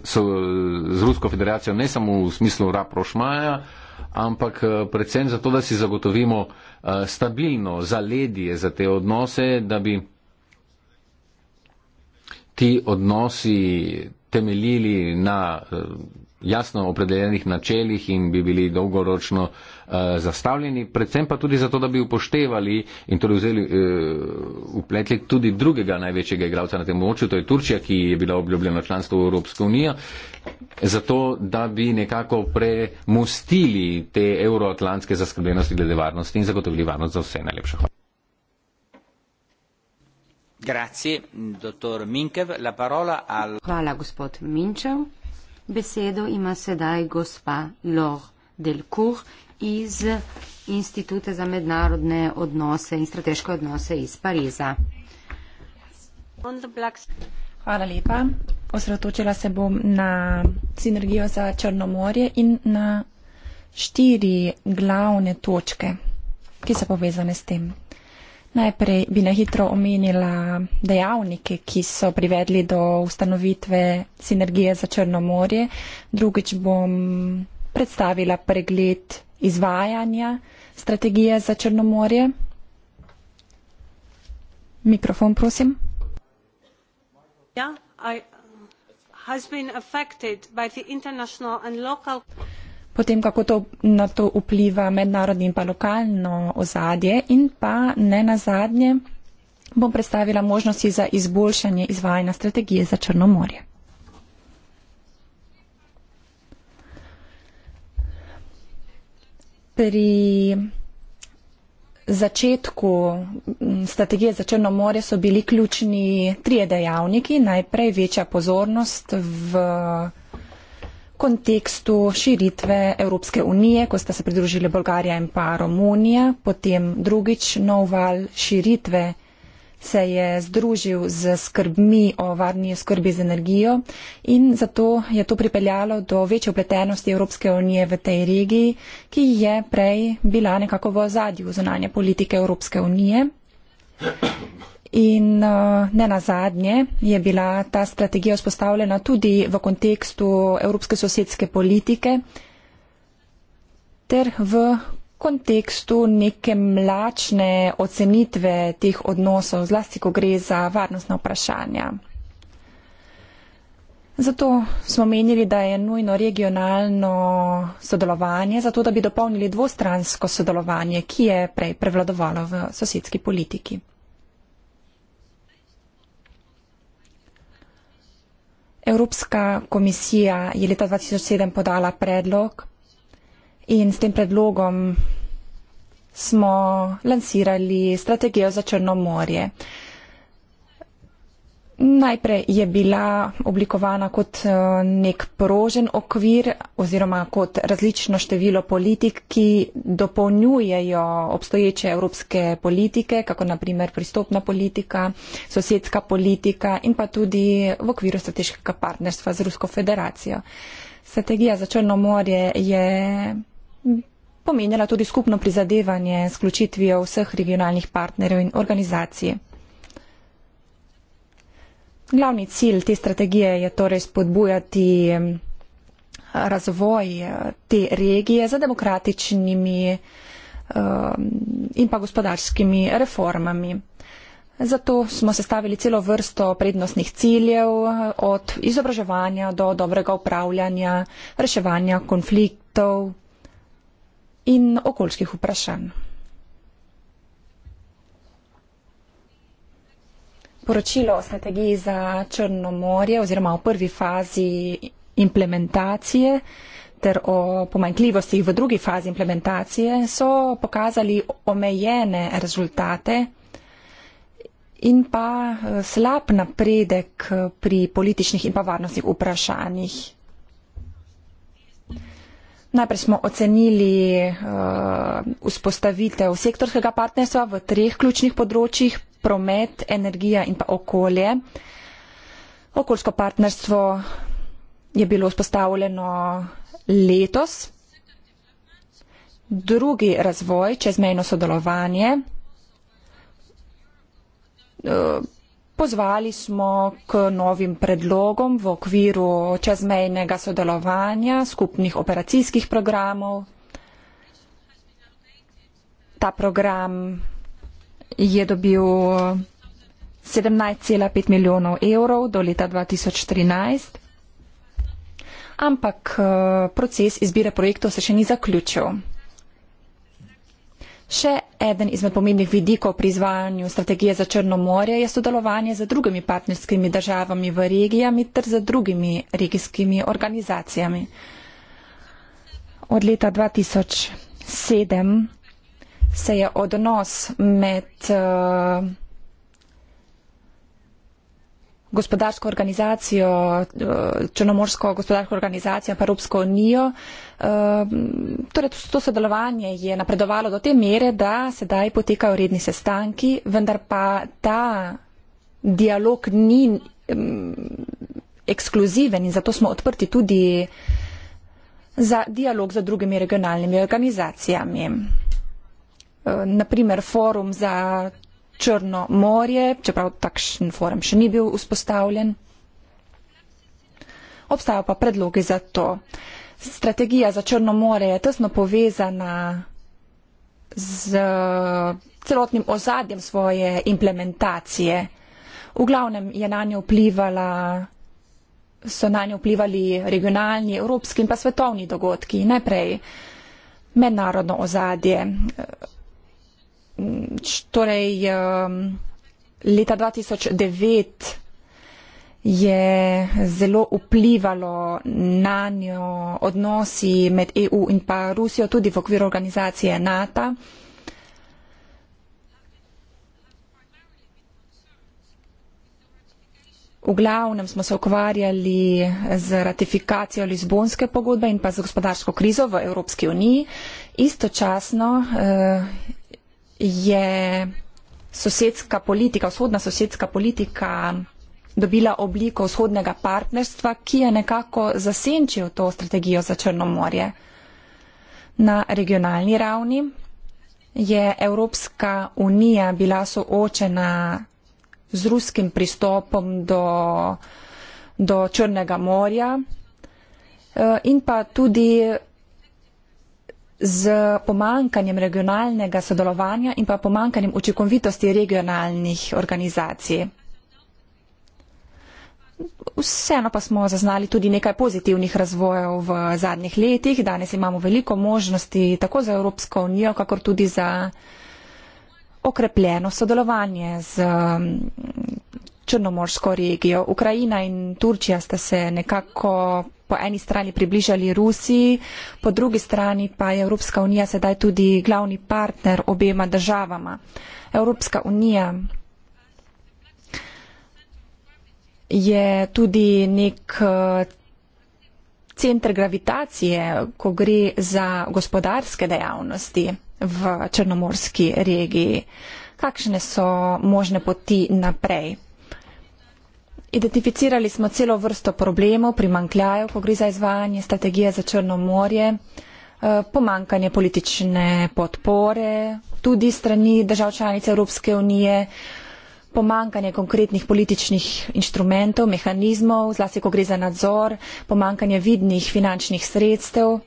z Rusko federacijo, ne samo v smislu raprošmaja, ampak predvsem zato, da si zagotovimo stabilno zaledje za te odnose, da bi ti odnosi temeljili na eh, jasno opredeljenih načeljih in bi bili dolgoročno uh, zastavljeni, predvsem pa tudi zato, da bi upoštevali in torej vzeli uh, vpletli tudi drugega največjega igralca na tem območju, to je Turčija, ki je bila obljubljena članstvo v Evropsko unijo, zato, da bi nekako premustili te euroatlantske zaskrbljenosti glede varnosti in zagotovili varnost za vse. Najlepša hvala. Hvala, gospod Minčev. Besedo ima sedaj gospa Laure Delcourt iz Instituta za mednarodne odnose in strateške odnose iz Pariza. Hvala lepa. Osredotočila se bom na sinergijo za Črnomorje in na štiri glavne točke, ki so povezane s tem. Najprej bi na hitro omenila dejavnike, ki so privedli do ustanovitve sinergije za Črno morje. Drugič bom predstavila pregled izvajanja strategije za Črno morje. Mikrofon, prosim. Yeah, ja, I, uh, potem kako to na to vpliva mednarodno in pa lokalno ozadje in pa ne nazadnje bom predstavila možnosti za izboljšanje izvajanja strategije za Črnomorje. Pri začetku strategije za Črno more so bili ključni trije dejavniki. Najprej večja pozornost v kontekstu širitve Evropske unije, ko sta se pridružili Bolgarija in pa Romunija, potem drugič nov val širitve se je združil z skrbmi o varni skrbi z energijo in zato je to pripeljalo do večje upletenosti Evropske unije v tej regiji, ki je prej bila nekako v ozadju zunanje politike Evropske unije. In uh, ne na zadnje je bila ta strategija vzpostavljena tudi v kontekstu evropske sosedske politike ter v kontekstu neke mlačne ocenitve teh odnosov, zlasti ko gre za varnostna vprašanja. Zato smo menili, da je nujno regionalno sodelovanje, zato da bi dopolnili dvostransko sodelovanje, ki je prej prevladovalo v sosedski politiki. Evropska komisija je leta 2007 podala predlog in s tem predlogom smo lansirali strategijo za Črno morje. Najprej je bila oblikovana kot eh, nek prožen okvir oziroma kot različno število politik, ki dopolnjujejo obstoječe evropske politike, kako naprimer pristopna politika, sosedska politika in pa tudi v okviru strateškega partnerstva z Rusko federacijo. Strategija za Črno morje je pomenjala tudi skupno prizadevanje s vključitvijo vseh regionalnih partnerjev in organizacij. Glavni cilj te strategije je torej spodbujati mm, razvoj eh, te regije za demokratičnimi eh, in pa gospodarskimi reformami. Zato smo sestavili celo vrsto prednostnih ciljev eh, od izobraževanja do dobrega upravljanja, reševanja konfliktov in okoljskih vprašanj. poročilo o strategiji za Črno morje oziroma o prvi fazi implementacije ter o pomanjkljivostih v drugi fazi implementacije so pokazali omejene rezultate in pa eh, slab napredek eh, pri političnih in pa varnostnih vprašanjih. Najprej smo ocenili uh, vzpostavitev sektorskega partnerstva v treh ključnih področjih, promet, energija in pa okolje. Okoljsko partnerstvo je bilo vzpostavljeno letos. Drugi razvoj, čezmejno sodelovanje, pozvali smo k novim predlogom v okviru čezmejnega sodelovanja, skupnih operacijskih programov. Ta program je dobil 17,5 milijonov evrov do leta 2013. Ampak proces izbire projektov se še ni zaključil. Še eden izmed pomembnih vidikov pri izvajanju strategije za Črno morje je sodelovanje z drugimi partnerskimi državami v regijami ter z drugimi regijskimi organizacijami. Od leta 2007 se je odnos med eh, gospodarsko organizacijo, eh, črnomorsko gospodarsko organizacijo in pa Evropsko unijo. Eh, torej, to sodelovanje je napredovalo do te mere, da sedaj potekajo redni sestanki, vendar pa ta dialog ni mm, ekskluziven in zato smo odprti tudi za dialog z drugimi regionalnimi organizacijami. Eh, naprimer forum za Črno morje, čeprav takšen forum še ni bil vzpostavljen. Obstajajo pa predlogi za to. Strategija za Črno more je tesno povezana z celotnim ozadjem svoje implementacije. V glavnem je na njo vplivala so na njo vplivali regionalni, evropski in pa svetovni dogodki. Najprej mednarodno ozadje torej um, leta 2009 je zelo vplivalo na njo odnosi med EU in pa Rusijo, tudi v okviru organizacije NATO. V glavnem smo se ukvarjali z ratifikacijo Lizbonske pogodbe in pa z gospodarsko krizo v Evropski uniji. Istočasno eh, je sosedska politika, vzhodna sosedska politika dobila obliko vzhodnega partnerstva, ki je nekako zasenčil to strategijo za Črnomorje. Na regionalni ravni je Evropska unija bila soočena z ruskim pristopom do, do Črnega morja eh, in pa tudi z pomankanjem regionalnega sodelovanja in pa pomankanjem učinkovitosti regionalnih organizacij. Vseeno pa smo zaznali tudi nekaj pozitivnih razvojev v zadnjih letih. Danes imamo veliko možnosti tako za Evropsko unijo, kakor tudi za okrepljeno sodelovanje z Črnomorsko regijo. Ukrajina in Turčija sta se nekako po eni strani približali Rusiji, po drugi strani pa je Evropska unija sedaj tudi glavni partner obema državama. Evropska unija je tudi nek eh, center gravitacije, ko gre za gospodarske dejavnosti v Črnomorski regiji. Kakšne so možne poti naprej? Identificirali smo celo vrsto problemov, primankljajev, ko gre za izvajanje strategije za Črno morje, eh, pomankanje politične podpore, tudi strani držav članic Evropske unije, pomankanje konkretnih političnih inštrumentov, mehanizmov, zlasti ko gre za nadzor, pomankanje vidnih finančnih sredstev.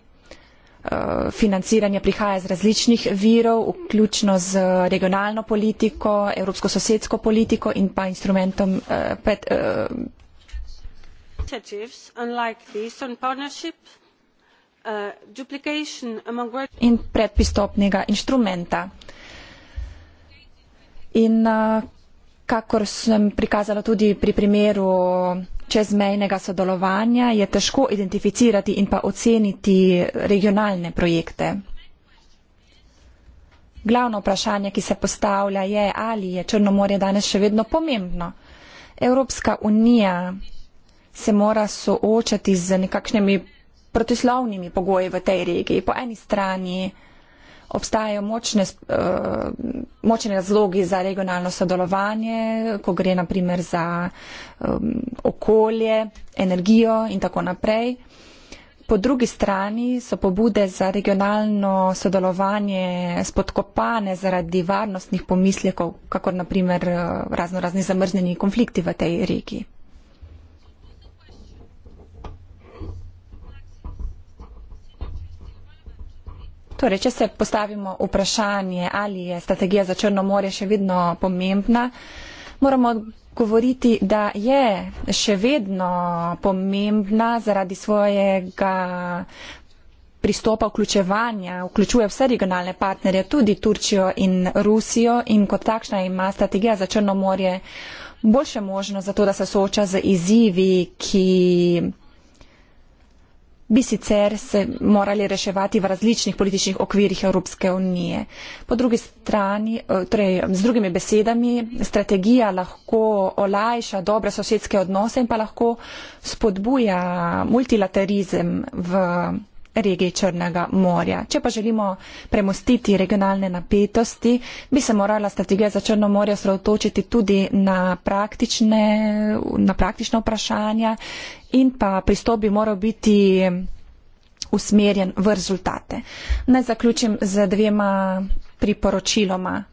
Eh, financiranje prihaja iz različnih virov, vključno z regionalno politiko, evropsko sosedsko politiko in pa instrumentom eh, pet. Eh, in predpristopnega inštrumenta. In uh, kakor sem prikazala tudi pri primeru čezmejnega sodelovanja, je težko identificirati in pa oceniti regionalne projekte. Glavno vprašanje, ki se postavlja, je, ali je Črnomorje danes še vedno pomembno. Evropska unija se mora soočati z nekakšnimi protislovnimi pogoji v tej regiji. Po eni strani obstajajo močne, uh, eh, močne razlogi za regionalno sodelovanje, ko gre naprimer za um, okolje, energijo in tako naprej. Po drugi strani so pobude za regionalno sodelovanje spodkopane zaradi varnostnih pomislekov, kakor naprimer eh, razno razni zamrznjeni konflikti v tej regiji. Torej, če se postavimo vprašanje, ali je strategija za Črno more še vedno pomembna, moramo govoriti, da je še vedno pomembna zaradi svojega pristopa vključevanja, vključuje vse regionalne partnerje, tudi Turčijo in Rusijo in kot takšna ima strategija za Črno morje boljše možnost za to, da se sooča z izzivi, ki bi sicer se morali reševati v različnih političnih okvirih Evropske unije. Po drugi strani, eh, torej z drugimi besedami, strategija lahko olajša dobre sosedske odnose in pa lahko spodbuja multilaterizem v regiji Črnega morja. Če pa želimo premostiti regionalne napetosti, bi se morala strategija za Črno morje osredotočiti tudi na, na praktična vprašanja in pa pristop bi moral biti usmerjen v rezultate. Naj zaključim z dvema priporočiloma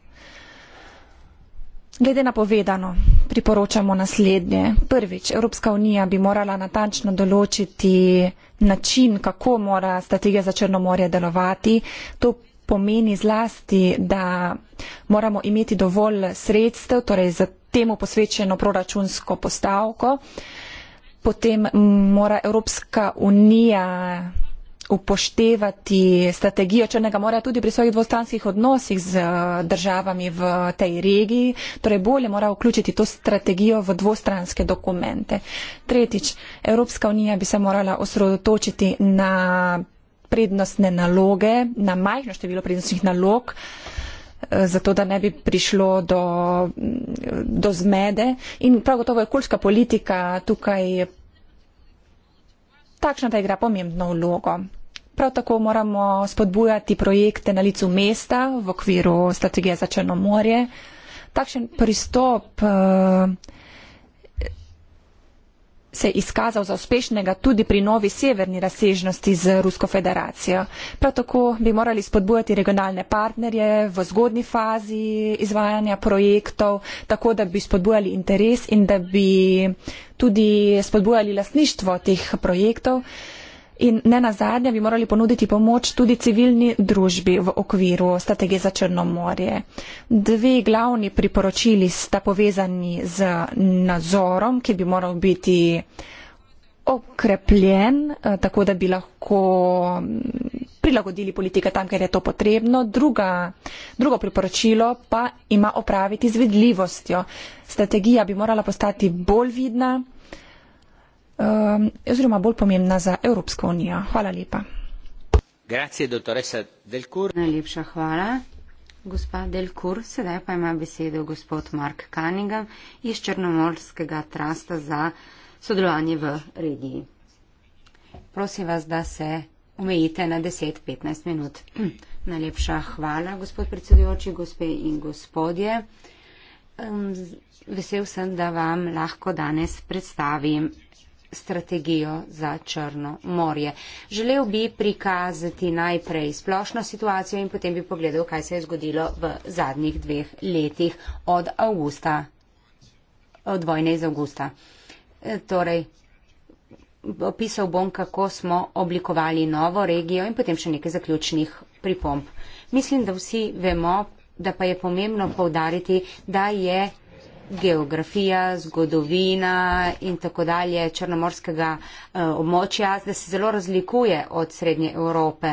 Glede na povedano, priporočamo naslednje. Prvič, Evropska unija bi morala natančno določiti način, kako mora strategija za Črno morje delovati. To pomeni zlasti, da moramo imeti dovolj sredstev, torej za temu posvečeno proračunsko postavko. Potem mora Evropska unija upoštevati strategijo Črnega morja tudi pri svojih dvostranskih odnosih z eh, državami v tej regiji, torej bolje mora vključiti to strategijo v dvostranske dokumente. Tretjič, Evropska unija bi se morala osredotočiti na prednostne naloge, na majhno število prednostnih nalog, eh, zato da ne bi prišlo do, mm, do zmede. In prav gotovo je okoljska politika tukaj takšna ta igra pomembno vlogo. Prav tako moramo spodbujati projekte na licu mesta v okviru strategije za Črno morje. Takšen pristop uh, se je izkazal za uspešnega tudi pri novi severni razsežnosti z Rusko federacijo. Prav tako bi morali spodbujati regionalne partnerje v zgodni fazi izvajanja projektov, tako da bi spodbujali interes in da bi tudi spodbujali lasništvo teh projektov. In ne nazadnje bi morali ponuditi pomoč tudi civilni družbi v okviru strategije za Črno morje. Dve glavni priporočili sta povezani z nadzorom, ki bi moral biti okrepljen, eh, tako da bi lahko mm, prilagodili politike tam, ker je to potrebno. Druga, drugo priporočilo pa ima opraviti z vidljivostjo. Strategija bi morala postati bolj vidna, Um, oziroma bolj pomembna za Evropsko unijo. Hvala lepa. Grazie, dottoressa Delcour. Najlepša hvala. Gospa Delcour, sedaj pa ima besedo gospod Mark Cunningham iz Črnomorskega trasta za sodelovanje v regiji. Prosim vas, da se omejite na 10-15 minut. Najlepša hvala, gospod predsedujoči, gospe in gospodje. Um, vesel sem, da vam lahko danes predstavim strategijo za Črno morje. Želel bi prikazati najprej splošno situacijo in potem bi pogledal, kaj se je zgodilo v zadnjih dveh letih od, augusta, od vojne iz avgusta. E, torej, opisal bom, kako smo oblikovali novo regijo in potem še nekaj zaključnih pripomb. Mislim, da vsi vemo, da pa je pomembno povdariti, da je geografija, zgodovina in tako dalje črnomorskega uh, območja, da se zelo razlikuje od Srednje Evrope.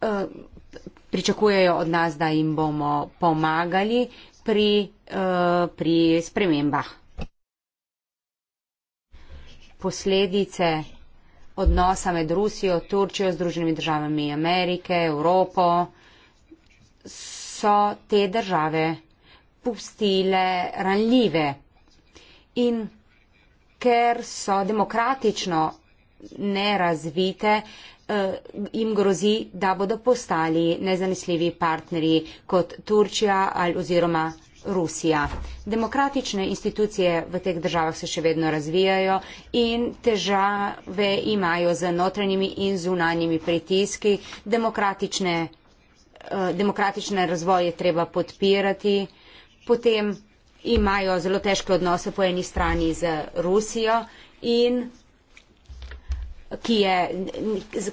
Uh, pričakujejo od nas, da jim bomo pomagali pri, uh, pri spremembah. Posledice odnosa med Rusijo, Turčijo, Združenimi državami Amerike, Evropo so te države pustile ranljive. In ker so demokratično nerazvite, eh, jim grozi, da bodo postali nezanesljivi partnerji kot Turčija ali oziroma Rusija. Demokratične institucije v teh državah se še vedno razvijajo in težave imajo z notranjimi in zunanjimi pritiski. Demokratične, eh, demokratične razvoje treba podpirati potem imajo zelo težke odnose po eni strani z Rusijo in ki, je,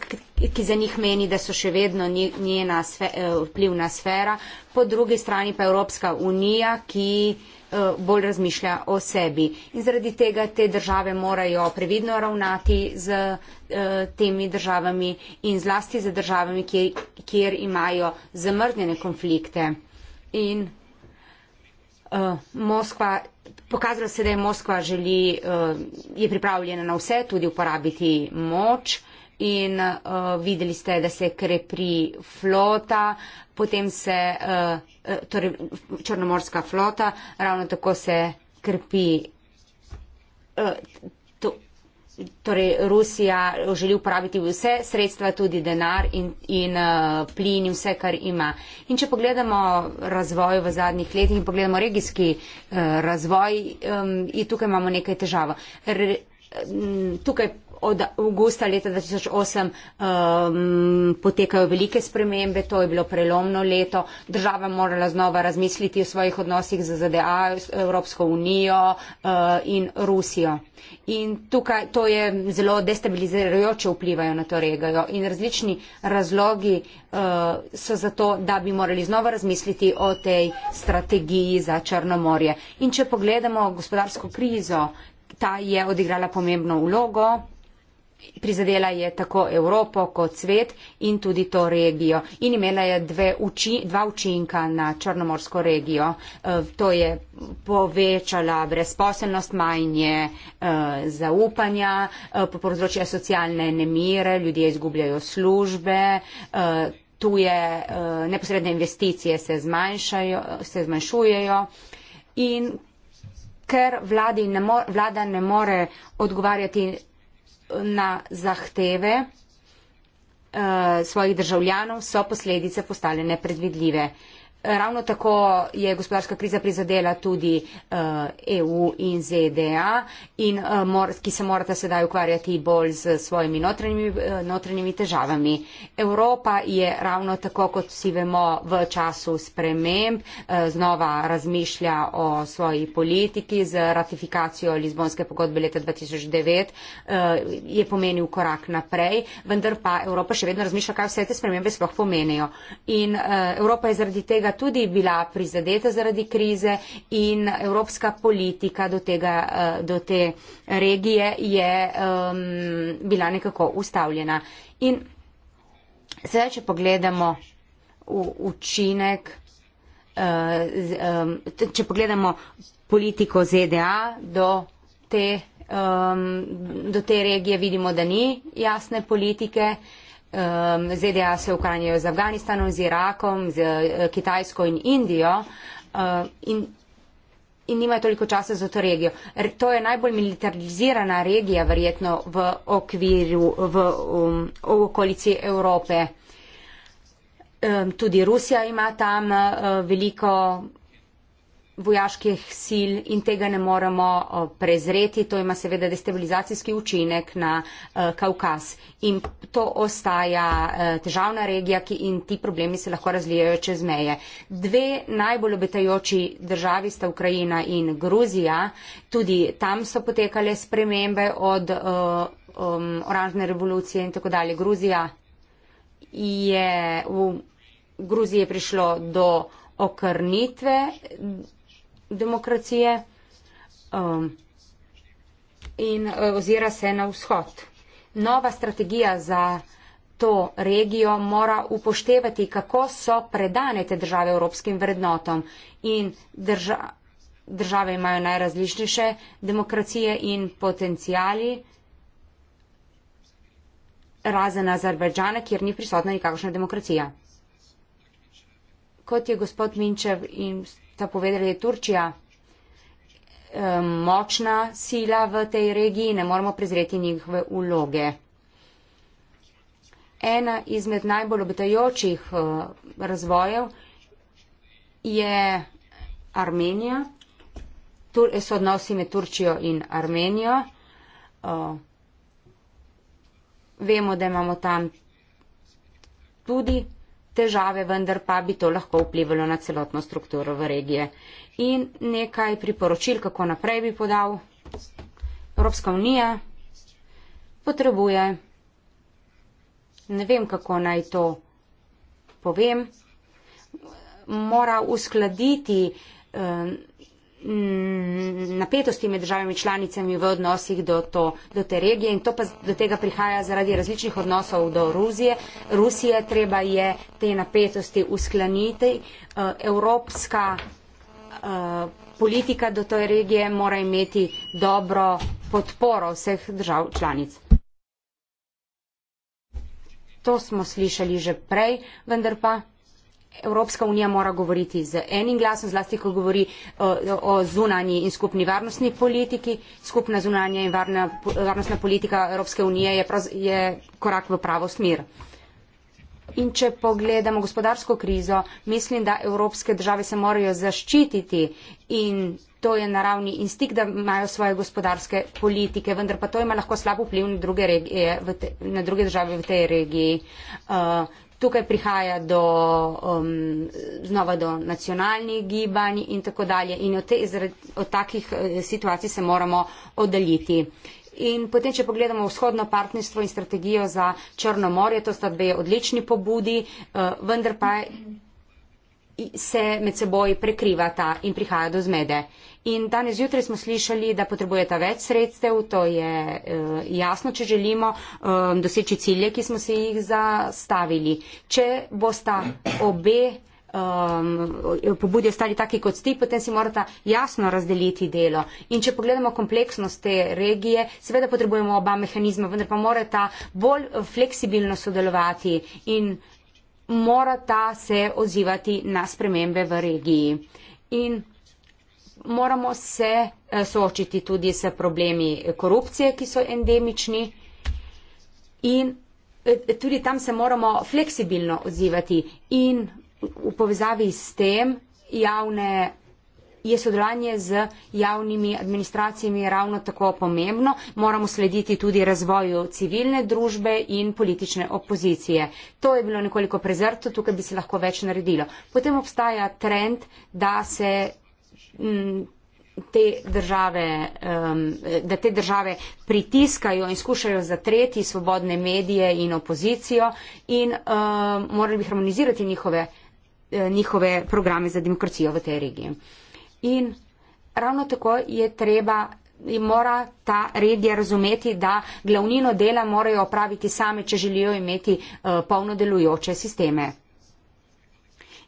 ki za njih meni, da so še vedno njena sfe, eh, vplivna sfera, po drugi strani pa Evropska unija, ki eh, bolj razmišlja o sebi. In zaradi tega te države morajo previdno ravnati z eh, temi državami in zlasti z državami, kjer, kjer imajo zamrznjene konflikte. In Eh, Moskva, pokazalo se, da je Moskva želi, uh, je pripravljena na vse, tudi uporabiti moč in uh, videli ste, da se krepi flota, potem se, uh, uh, torej črnomorska flota, ravno tako se krepi. Uh, torej Rusija želi uporabiti vse sredstva, tudi denar in, in eh, plin in vse, kar ima. In če pogledamo razvoj v zadnjih letih in pogledamo regijski eh, razvoj, um, tukaj imamo nekaj težav. Re, tukaj od avgusta leta 2008 um, potekajo velike spremembe, to je bilo prelomno leto, država morala znova razmisliti o svojih odnosih z ZDA, Evropsko unijo uh, in Rusijo. In tukaj to je zelo destabilizirajoče vplivajo na to regijo in različni razlogi uh, so zato, da bi morali znova razmisliti o tej strategiji za Črnomorje. In če pogledamo gospodarsko krizo, ta je odigrala pomembno vlogo, Prizadela je tako Evropo kot svet in tudi to regijo. In imela je dve uči, dva učinka na Črnomorsko regijo. E, to je povečala brezposelnost, manj je e, zaupanja, e, povzročila socialne nemire, ljudje izgubljajo službe. E, Tu je uh, e, neposredne investicije se, se zmanjšujejo in ker ne mo, vlada ne more odgovarjati na zahteve eh, svojih državljanov so posledice postale nepredvidljive ravno tako je gospodarska kriza prizadela tudi EU eh, e in ZDA, in, eh, ki se morata sedaj ukvarjati bolj z svojimi notranjimi, eh, notranjimi težavami. Evropa je ravno tako, kot vsi vemo, v času sprememb znova razmišlja o svoji politiki z ratifikacijo Lizbonske pogodbe leta 2009, je pomenil korak naprej, vendar pa Evropa še vedno razmišlja, kaj vse te spremembe sploh pomenijo. In Evropa je zaradi tega tudi bila prizadeta zaradi krize in evropska politika do, tega, eh, do te regije je um, bila nekako ustavljena. In sedaj, če pogledamo v, učinek, uh, z, um, če pogledamo politiko ZDA do te, um, do te regije, vidimo, da ni jasne politike. ZDA se ukranjajo z Afganistanom, z Irakom, z eh, Kitajsko in Indijo eh, in, in nimajo toliko časa za to regijo. To je najbolj militarizirana regija verjetno v okviru, v, v um, okolici Evrope. Tudi Rusija ima tam eh, veliko vojaških sil in tega ne moremo prezreti. To ima seveda destabilizacijski učinek na e, Kaukaz in to ostaja e, težavna regija in ti problemi se lahko razlijajo čez meje. Dve najbolj obetajoči državi sta Ukrajina in Gruzija. Tudi tam so potekale spremembe od e, um, oranžne revolucije in tako dalje. Gruzija je v Gruziji prišlo do okrnitve demokracije um, in uh, ozira se na vzhod. Nova strategija za to regijo mora upoštevati, kako so predane te države evropskim vrednotom in drža, države imajo najrazličnejše demokracije in potencijali razen Azerbajdžana, kjer ni prisotna nikakšna demokracija. Kot je gospod Minčev in ta povedali, je Turčija močna sila v tej regiji, ne moramo prezreti njihove uloge. Ena izmed najbolj obitajočih eh, razvojev je Armenija, so odnosi med Turčijo in Armenijo. Eh, vemo, da imamo tam tudi težave, vendar pa bi to lahko vplivalo na celotno strukturo v regije. In nekaj priporočil, kako naprej bi podal. Evropska unija potrebuje, ne vem, kako naj to povem, mora uskladiti. Um, Mm, napetosti med državami članicami v odnosih do, to, do te regije in to pa do tega prihaja zaradi različnih odnosov do Rusije. Rusije treba je te napetosti uskladiti. Eh, evropska uh, politika do te regije mora imeti dobro podporo vseh držav članic. To smo slišali že prej, vendar pa. Evropska unija mora govoriti z enim glasom, zlasti ko govori o, o zunanji in skupni varnostni politiki. Skupna zunanja in varna, varnostna politika Evropske unije je, prav, je korak v pravo smer. In če pogledamo gospodarsko krizo, mislim, da evropske države se morajo zaščititi in to je naravni instik, da imajo svoje gospodarske politike, vendar pa to ima lahko slab vpliv na druge, regije, te, na druge države v tej regiji. Uh, Tukaj prihaja do, um, znova do nacionalnih gibanj in tako dalje in od, te, izred, od takih eh, situacij se moramo oddaljiti. In potem, če pogledamo vzhodno partnerstvo in strategijo za Črno morje, to sta dve odlični pobudi, uh, vendar pa se med seboj prekrivata in prihaja do zmede. In danes jutraj smo slišali, da potrebujete več sredstev, to je uh, jasno, če želimo uh, doseči cilje, ki smo se jih zastavili. Če bosta obe um, eh, pobudje ostali taki kot sti, potem si morata jasno razdeliti delo. In če pogledamo kompleksnost te regije, seveda potrebujemo oba mehanizma, vendar pa morata bolj fleksibilno sodelovati in morata se odzivati na spremembe v regiji. In moramo se eh, soočiti tudi s problemi korupcije, ki so endemični in eh, tudi tam se moramo fleksibilno odzivati in v povezavi s tem javne, je sodelovanje z javnimi administracijami ravno tako pomembno. Moramo slediti tudi razvoju civilne družbe in politične opozicije. To je bilo nekoliko prezrto, tukaj bi se lahko več naredilo. Potem obstaja trend, da se Mm, te države, um, da te države pritiskajo in skušajo zatreti svobodne medije in opozicijo in um, morali bi harmonizirati njihove, eh, njihove programe za demokracijo v tej regiji. In ravno tako je treba in mora ta regija razumeti, da glavnino dela morajo opraviti same, če želijo imeti uh, polno delujoče sisteme.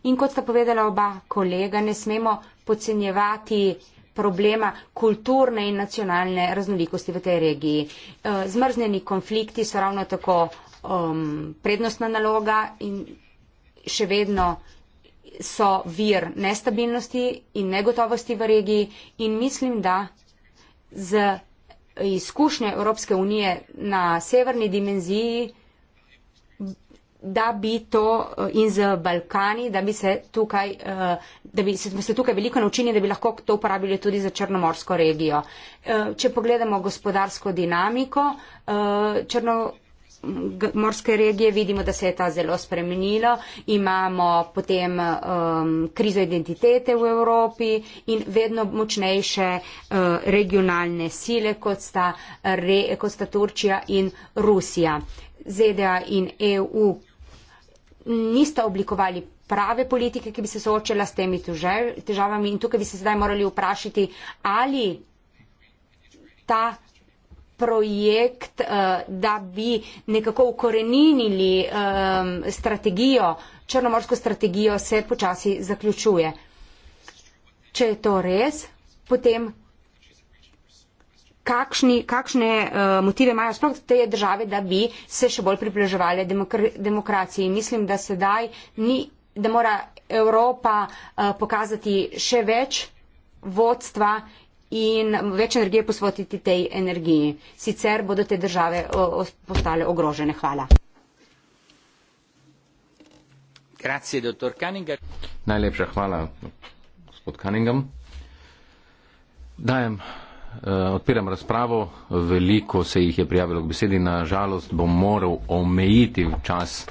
In kot sta povedala oba kolega, ne smemo podcenjevati problema kulturne in nacionalne raznolikosti v tej regiji. Eh, Zmrzneni konflikti so ravno tako um, prednostna naloga in še vedno so vir nestabilnosti in negotovosti v regiji in mislim, da z izkušnje Evropske unije na severni dimenziji da bi to eh, in z Balkani, da bi se tukaj, eh, da bi se tukaj veliko naučili, da bi lahko to uporabili tudi za Črnomorsko regijo. Eh, če pogledamo gospodarsko dinamiko Črnomorske regije, vidimo, da se je ta zelo spremenilo. Imamo potem ehm, krizo identitete v Evropi in vedno močnejše regionalne sile, kot sta, kot sta Turčija in Rusija. ZDA in EU nista oblikovali prave politike, ki bi se soočila s temi težavami in tukaj bi se zdaj morali vprašati, ali ta projekt, eh, da bi nekako ukorenili ehm, strategijo, črnomorsko strategijo, se počasi zaključuje. Če je to res, potem kakšni, kakšne uh, motive imajo sploh te države, da bi se še bolj približevali demokr demokraciji. Mislim, da sedaj ni, da mora Evropa uh, pokazati še več vodstva in več energije posvotiti tej energiji. Sicer bodo te države uh, postale ogrožene. Hvala. Grazie, dottor Kanninger. Najlepša hvala, gospod Kanningem. Dajem. Eh, odpiram razpravo, veliko se jih je prijavilo k besedi, nažalost bom moral omejiti čas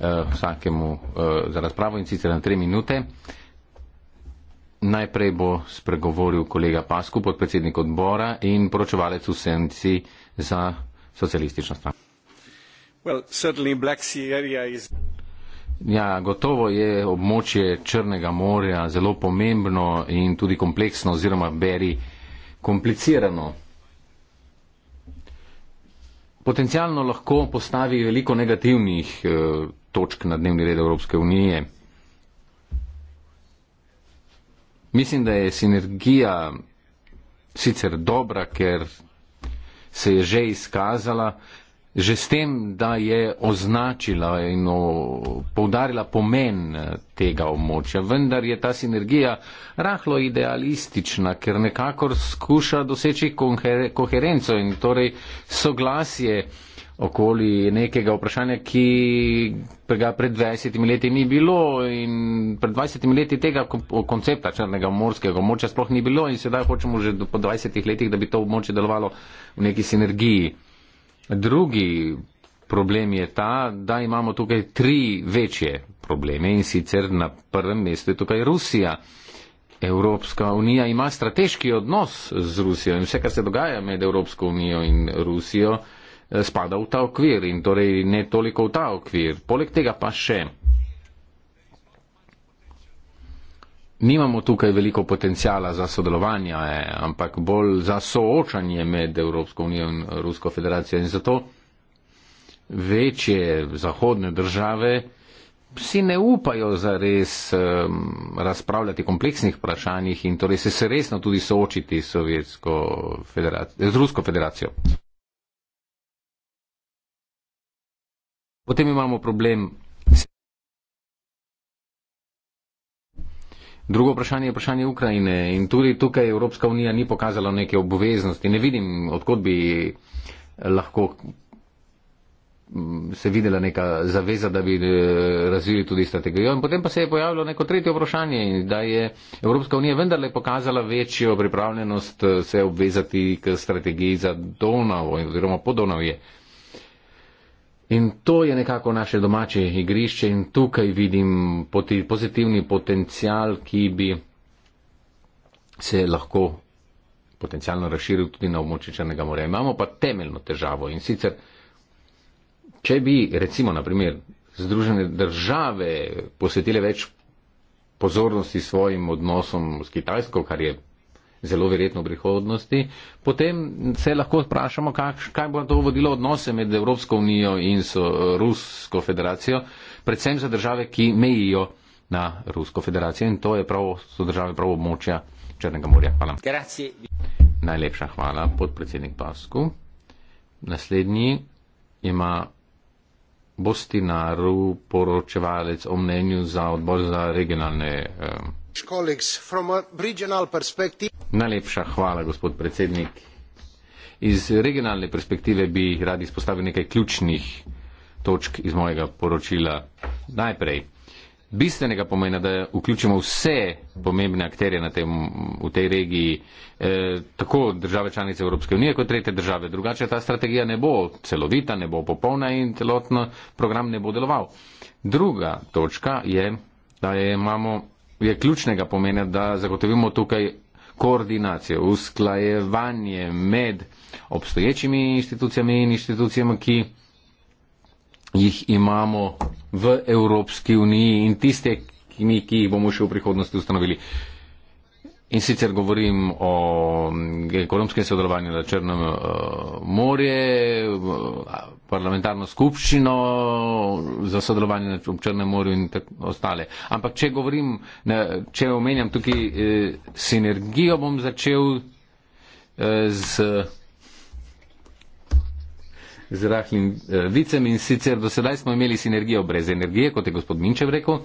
uh, vsakemu uh, za razpravo in sicer na tri minute. Najprej bo spregovoril kolega Pasku, podpredsednik odbora in poročevalec v senci za socialistično stran. Well, Ja, gotovo je območje Črnega morja zelo pomembno in tudi kompleksno oziroma beri eh, komplicirano. Potencialno lahko postavi veliko negativnih eh, točk na dnevni red Evropske unije. Mislim, da je sinergija sicer dobra, ker se je že izkazala, že s tem, da je označila in poudarila pomen eh, tega območja. Vendar je ta sinergija rahlo idealistična, ker nekako skuša doseči koherenco in torej soglasje okoli nekega vprašanja, ki ga pred 20 leti ni bilo in pred 20 leti tega koncepta črnega morskega območja sploh ni bilo in sedaj hočemo že po 20 letih, da bi to območje delovalo v neki sinergiji. Drugi problem je ta, da imamo tukaj tri večje probleme in sicer na prvem mestu je tukaj Rusija. Evropska unija ima strateški odnos z Rusijo in vse, kar se dogaja med Evropsko unijo in Rusijo, eh, spada v ta okvir in torej ne toliko v ta okvir. Poleg tega pa še nimamo tukaj veliko potencijala za sodelovanje, ampak bolj za soočanje med Evropsko unijo in Rusko federacijo. In zato večje zahodne države si ne upajo za res um, razpravljati o kompleksnih vprašanjih in torej se resno tudi soočiti z Rusko federacijo. Potem imamo problem Drugo vprašanje je vprašanje Ukrajine in tudi tukaj Evropska unija ni pokazala neke obveznosti. Ne vidim, odkot bi eh, lahko mm, se videla neka zaveza, da bi eh, razvili tudi strategijo. In potem pa se je pojavilo neko tretje vprašanje, da je Evropska unija vendarle pokazala večjo pripravljenost eh, se obvezati k strategiji za Donavo oziroma po Donavje. In to je nekako naše domače igrišče in tukaj vidim pozitivni potencial, ki bi se lahko potencialno razširil tudi na območje Črnega morja. Imamo pa temeljno težavo in sicer, če bi recimo na primer Združene države posvetile več pozornosti svojim odnosom s Kitajsko, kar je zelo verjetno v prihodnosti, potem se lahko vprašamo, kak, kaj bo to vodilo odnose med Evropsko unijo in so, Rusko federacijo, predvsem za države, ki mejijo na Rusko federacijo in to je prav, so države prav območja Črnega morja. Hvala. Grazie. Najlepša hvala, podpredsednik Pasku. Naslednji ima Bostinaru poročevalec o mnenju za odbor za regionalne. Eh, Najlepša hvala, gospod predsednik. Iz regionalne perspektive bi radi izpostavil nekaj ključnih točk iz mojega poročila. Najprej, bistvenega pomena, da vključimo vse pomembne akterje na tem, v tej regiji, e, tako države članice Evropske unije kot tretje države. Drugače ta strategija ne bo celovita, ne bo popolna in celotno program ne bo deloval. Druga točka je, da je imamo je ključnega pomena, da zagotovimo tukaj koordinacijo, usklajevanje med obstoječimi institucijami in institucijami, ki jih imamo v Evropski uniji in tiste, ki jih bomo še v prihodnosti ustanovili. In sicer govorim o mm, ekonomskem sodelovanju na Črnem eh, morju, eh, parlamentarno skupščino za sodelovanje na Črnem morju in tako ostale. Ampak če govorim, če omenjam tukaj eh, sinergijo, bom začel z, z rahlim vicem in sicer do sedaj smo imeli sinergijo brez energije, kot je gospod Minčev rekel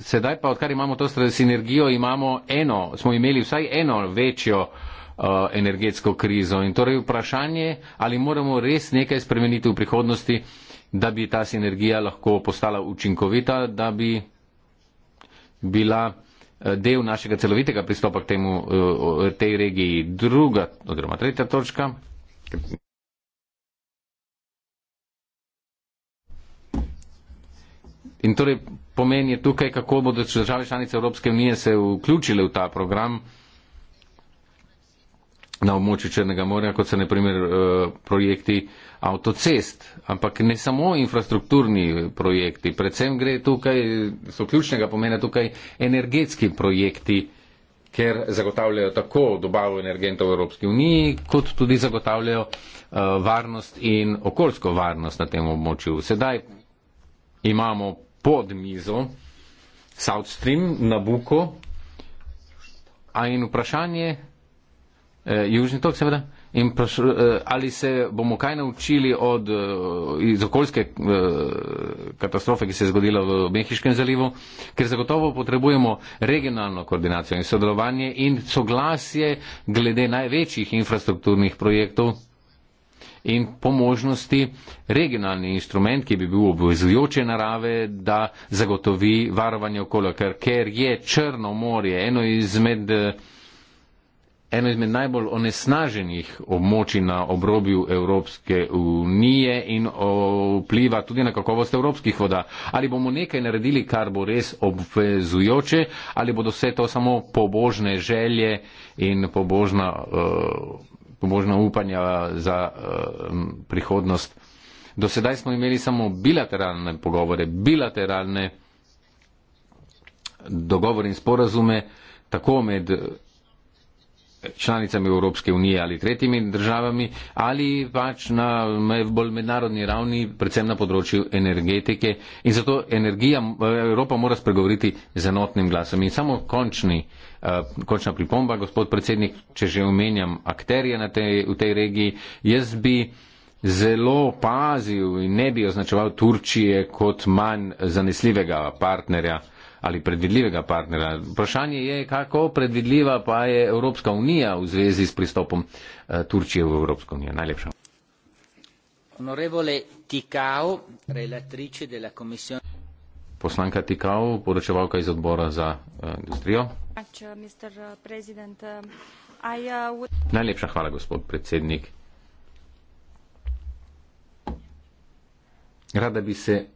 sedaj pa odkar imamo to sinergijo, imamo eno, smo imeli vsaj eno večjo uh, energetsko krizo. In torej vprašanje, ali moramo res nekaj spremeniti v prihodnosti, da bi ta sinergija lahko postala učinkovita, da bi bila eh, del našega celovitega pristopa k temu, eh, tej regiji druga oziroma tretja točka. In torej pomen je tukaj, kako bodo države članice Evropske unije se vključile v ta program na območju Črnega morja, kot so na primer eh, projekti avtocest, ampak ne samo infrastrukturni projekti, predvsem gre tukaj, so ključnega pomena tukaj energetski projekti, ker zagotavljajo tako dobavo energentov v Evropski uniji, kot tudi zagotavljajo eh, varnost in okoljsko varnost na tem območju. Sedaj imamo pod mizo South Stream na Buku, a in vprašanje, eh, južni tok seveda, in praš, eh, ali se bomo kaj naučili od, eh, iz okoljske eh, katastrofe, ki se je zgodila v Mehiškem zalivu, ker zagotovo potrebujemo regionalno koordinacijo in sodelovanje in soglasje glede največjih infrastrukturnih projektov in po možnosti regionalni instrument, ki bi bil obvezujoče narave, da zagotovi varovanje okolja, ker, ker je Črno morje eno izmed, eh, eno izmed najbolj onesnaženih območij na obrobju Evropske unije in vpliva tudi na kakovost evropskih voda. Ali bomo nekaj naredili, kar bo res obvezujoče, ali bodo vse to samo pobožne želje in pobožna. Uh, možno upanja za uh, prihodnost. Do sedaj smo imeli samo bilateralne pogovore, bilateralne dogovore in sporazume tako med članicami Evropske unije ali tretjimi državami ali pač na bolj mednarodni ravni, predvsem na področju energetike. In zato energija, Evropa mora spregovoriti z enotnim glasom. In samo končni, eh, končna pripomba, gospod predsednik, če že omenjam akterje tej, v tej regiji, jaz bi zelo pazil in ne bi označeval Turčije kot manj zanesljivega partnerja ali predvidljivega partnera. Vprašanje je, kako predvidljiva pa je Evropska unija v zvezi s pristopom eh, Turčije v Evropsko unijo. Najlepša. Poslanka Tikao, poročevalka iz odbora za eh, industrijo. Uh, uh, uh, Najlepša hvala, gospod predsednik. Rada bi se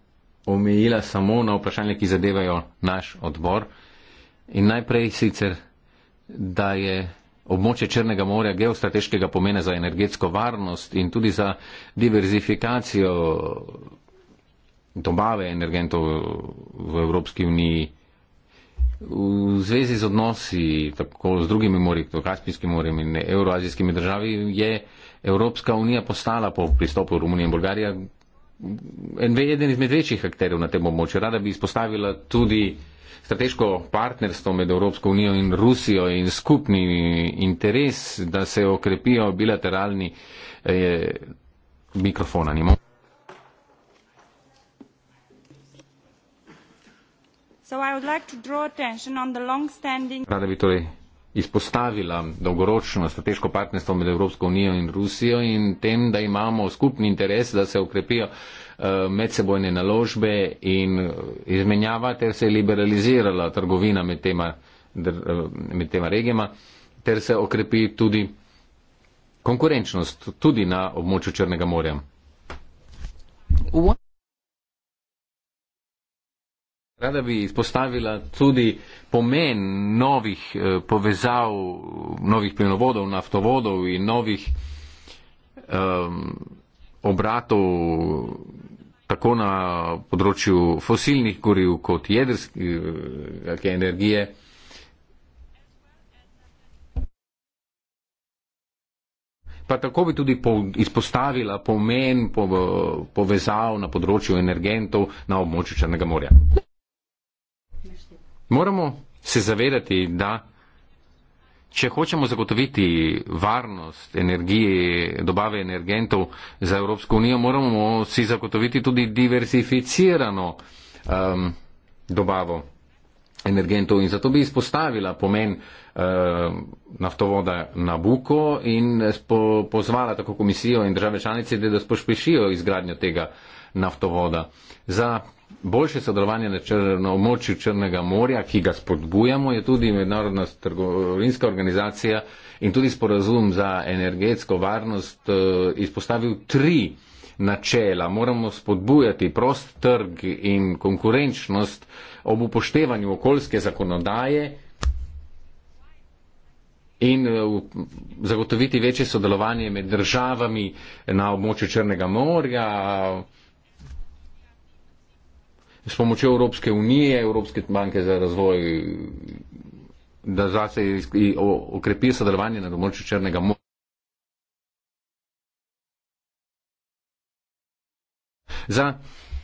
omejila samo na vprašanja, ki zadevajo naš odbor. In najprej sicer, da je območje Črnega morja geostrateškega pomena za energetsko varnost in tudi za diverzifikacijo dobave energentov v Evropski uniji. V zvezi z odnosi tako z drugimi morji, kot Kaspijskim morjem in Euroazijskimi državami, je Evropska unija postala po pristopu Romunije in Bolgarije eden izmed večjih akterjev na tem območju. Rada bi izpostavila tudi strateško partnerstvo med Evropsko unijo in Rusijo in skupni interes, da se okrepijo bilateralni eh, mikrofon. Animo. So I would like to draw attention on the long standing izpostavila dolgoročno strateško partnerstvo med Evropsko unijo in Rusijo in tem, da imamo skupni interes, da se ukrepijo eh, medsebojne naložbe in eh, izmenjava ter se je liberalizirala trgovina med tema, eh, med tema regijama ter se okrepi tudi konkurenčnost tudi na območju Črnega morja. What? Rada bi izpostavila tudi pomen novih eh, povezav, novih plinovodov, naftovodov in novih um, obratov tako na področju fosilnih goriv kot jedrske eh, energije. Pa tako bi tudi po, izpostavila pomen po, eh, povezav na področju energentov na območju Črnega morja. Moramo se zavedati, da če hočemo zagotoviti varnost energije, dobave energentov za Evropsko unijo, moramo si zagotoviti tudi diversificirano um, dobavo energentov. In zato bi izpostavila pomen uh, naftovoda Nabuko in spo, pozvala tako komisijo in države članice, da, da spošpešijo izgradnjo tega naftovoda. Za Boljše sodelovanje na črno območju Črnega morja, ki ga spodbujamo, je tudi mednarodna trgovinska organizacija in tudi sporazum za energetsko varnost eh, izpostavil tri načela. Moramo spodbujati prost trg in konkurenčnost ob upoštevanju okoljske zakonodaje in eh, zagotoviti večje sodelovanje med državami na območju Črnega morja s pomočjo Evropske unije, Evropske banke za razvoj, da zase okrepi sodelovanje na domorču Črnega morja. Za,